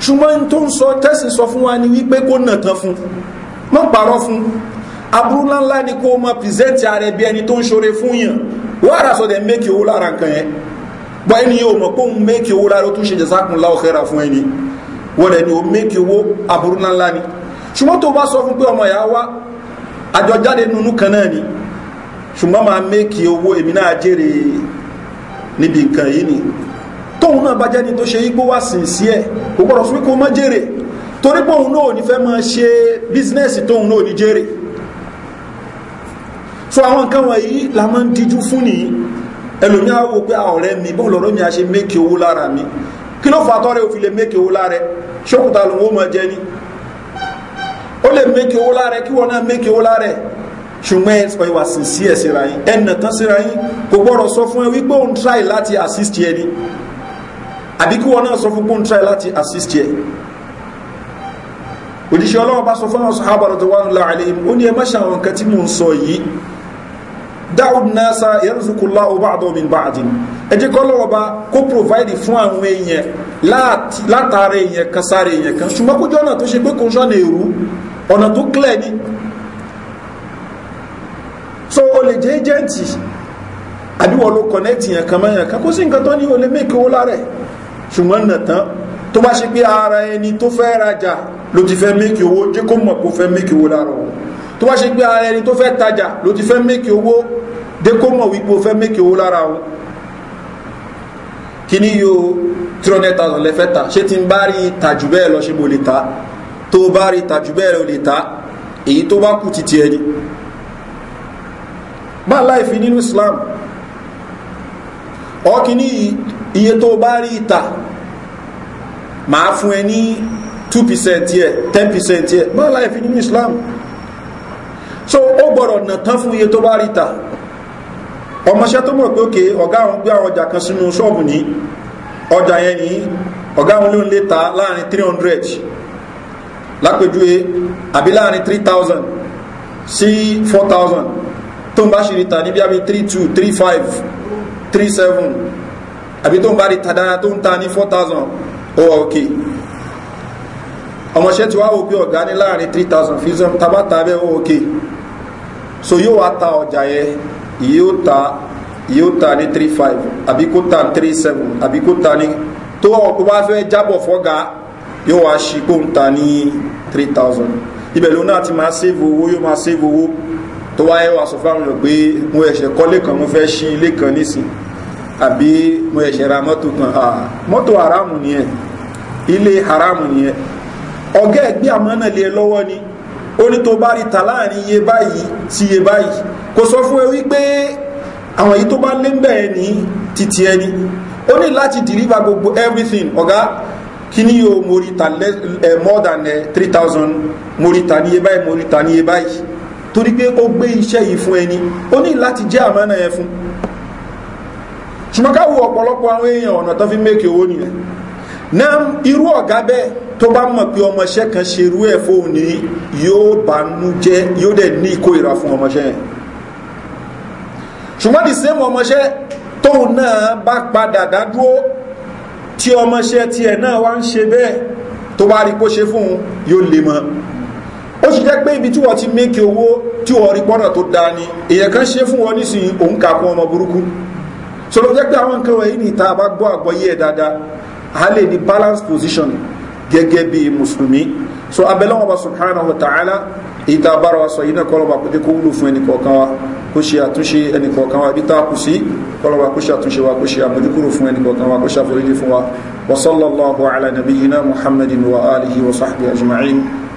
ṣùgbọ́n tó ń sọ tẹ́sìn sọ fún wa ni wípé kó nà tán fún mọ́ parọ́ fún aburú ni kó mọ pìrìsẹ́ǹtì ààrẹ bí ẹni tó ń ṣoore fún yàn wọ́n àrà sọ dẹ̀ méjì owó lára nǹkan yẹn bọ́ ẹni yóò mọ̀ kó ń méjì owó lára ó ṣe jẹ́sákun láò kẹ́ra fún ẹni wọ́n dẹ̀ ni ó méjì owó aburú ńláńlá ni ṣùgbọ́n tó bá sọ fún pé ọmọ ìyá wa àjọjáde nínú kan náà ni ṣùgbọ́n máa méèkì owó èmi náà jèrè níbi nǹkan yìí ni tóun náà bá jẹ́ni tó ṣe igbó wá sìn sí ẹ̀ kò gbọ́dọ̀ fún kó má jèrè torí pé òun náà ò ní fẹ́ máa ṣe bísínẹ́sì tóun náà ò ní jèrè so àwọn nǹkan wọ̀nyí la máa ń díjú fún nìyí ẹlòmíà wò pé ọ̀rẹ́ mi bọ́ọ̀ lọ́rọ́ mi a ṣe méèkì owó lára mi kí ló fà tọ́rẹ òfin lè méèkì owó lára ṣókùtà lòun ó mọ jẹ ó lè méèkì owó lára kí wọn náà méèkì owó lára ṣùgbọ́n ẹ sọ ìwà sìn sí ẹ̀ síra yín ẹnà tán síra yín kò gbọ́dọ̀ sọ fún ẹ wípé òun try láti assist ẹ ni àbí kí wọn náà sọ fún pé òun try láti assist ẹ òjíṣẹ́ ọlọ́wọ́ bá sọ fún àwọn sọ̀hábà rẹ̀ tó wà nílá àlẹ́yìn ó ní ẹ má ṣe àwọn nǹkan tí mò ń sọ yìí dáhùn náà sa yẹrùsùkúlá ọba àdọ́mi bá àdín ẹ jẹ́ kọ́lọ́wọ́ bá kó provide fún àwọn èèyàn látara èèyàn kan sáré èèyàn kan ṣùgbọ́n kójú ọ̀nà tó ṣe pé kò ń ṣọ́nà èrú ọ̀nà tó clear ni o lè jẹ́ agenti àbí wọ́n ló connect yẹn kan mọ́yàn kan kó sí nǹkan tó ní o lè make owó lára ẹ̀ ṣùgbọ́n nàtán tó bá ṣe pé ara ẹni tó fẹ́ rajà ló ti fẹ́ make owó jẹ́ kó mọ̀ kó fẹ́ make owó lára tó bá ṣe pé ara ẹni tó fẹ́ tajà ló ti fẹ́ make owó jẹ́ kó mọ̀ wípé o fẹ́ make owó lára wọn kíní yóò three hundred thousand lẹ́fẹ́ ta ṣé ti ń bá rí ta jù bẹ́ẹ̀ lọ ṣe mo lè ta tó bá rí ta jù bẹ́ẹ̀ lọ lè ta èyí tó bá kù titi ẹni má láìfi nínú islam ọkìní iye tó bá rí ìta máa fún ẹ ní 2% yẹ 10% yẹ má láìfi nínú islam so ó gbọ́dọ̀ nà tán fún iye tó bá rí ìta ọmọṣẹ́ tó mọ̀ pé òkè ọ̀gá àwọn gbé àwọn ọjà kan sínú ṣọ́ọ̀bù ní ọjà yẹn ní ọ̀gá àwọn olóhùn lè ta láàrin 300 lápèjúwe àbí láàrin 3000 sí 4000 tó ń bá ṣe ríta ní abi three two three five three seven àbí tó ń bá ríta dára tó ń ta ní four thousand ó wà òkè ọmọọṣẹ́ tí wàá wò pé ọ̀gá ní láàrin three thousand fíìsàn tabata bẹ́ẹ̀ ó òkè so yóò wá ta ọjà yẹn yóò ta yóò ta ní three five àbí kó ta three seven àbí kó ta ní tó ọkọ̀ bá fẹ́ jábọ̀ fọ́gà yóò wá ṣí kó ń ta ní three thousand ibẹ̀ ló náà ti máa save owó yóò máa save owó tó wáyé wà sọ fáwọn èèyàn pé mo ẹ̀ṣẹ̀ kọ́lé kan mo fẹ́ ṣí ilé kan nísìn àbí mo ẹ̀ṣẹ̀ ra mọ́tò kan mọ́tò haramu nìyẹn ilé haramu nìyẹn ọ̀gá ẹ̀gbẹ́ àmọ́nà lé lọ́wọ́ ni ó ní tó bá rí ta láàrin iye báyìí sí iye báyìí kò sọ fún ẹ wípé àwọn èyí tó bá lé ń bẹ̀ẹ́ ní títí ẹni ó ní láti deliver gbogbo everything ọ̀gá kí ni yóò morita more than three thousand morita ní iye báyìí morita ní iye báyìí torí pé ó gbé iṣẹ́ yìí fún ẹni ó ní láti jẹ́ àmọ́nà yẹn fún ṣùgbọ́n káwọ ọ̀pọ̀lọpọ̀ àwọn èèyàn ọ̀nà tó fi mẹ́kẹ̀ owó nìyẹn náà irú ọ̀gá bẹ́ẹ̀ tó bá mọ̀ pé ọmọṣẹ́ kan ṣe irú ẹ̀ fóun ní yóò bá nú jẹ́ yóò dẹ̀ ní ìkórira fún ọmọṣẹ́ yẹn ṣùgbọ́n the same ọmọṣẹ́ tóun náà bá padà dádúró tí ọmọṣẹ́ tiẹ̀ náà wá ń ṣe bẹ́ẹ̀ tó bá rí kó ṣe fóun yóò le mọ́ ó sì jẹ́ pé ibi tí wọ́n ti mékè owó tí wọ́n rí pọ́nà tó dáa ni èèyàn kan ṣe fún wọn nísìnyí òun kà kún ọmọ burúkú sọ̀rọ̀ jẹ́ pé àwọn nǹkan wọ̀nyí ní ìta bá gbọ́ àgbọ́yé ẹ̀ dáadáa a lè ní balance position gẹ́gẹ́ bí mùsùlùmí so abẹ́lẹ́wọ̀n bá subhanahu wa ta'ala ìta bára wa sọ yìí náà kọ́lọ́ba kò dé kó wúlò fún ẹnìkọ̀ọ̀kan wa kó ṣe àtúnṣe ẹnìkọ̀ọ̀kan wa bí tá a kù sí kọ́lọ́ba kó ṣe àtúnṣe wa kó ṣe àmójúkúrò fún ẹnìkọ̀ọ̀kan wa kó ṣe àforíjì fún wa wa sallallahu wa alihi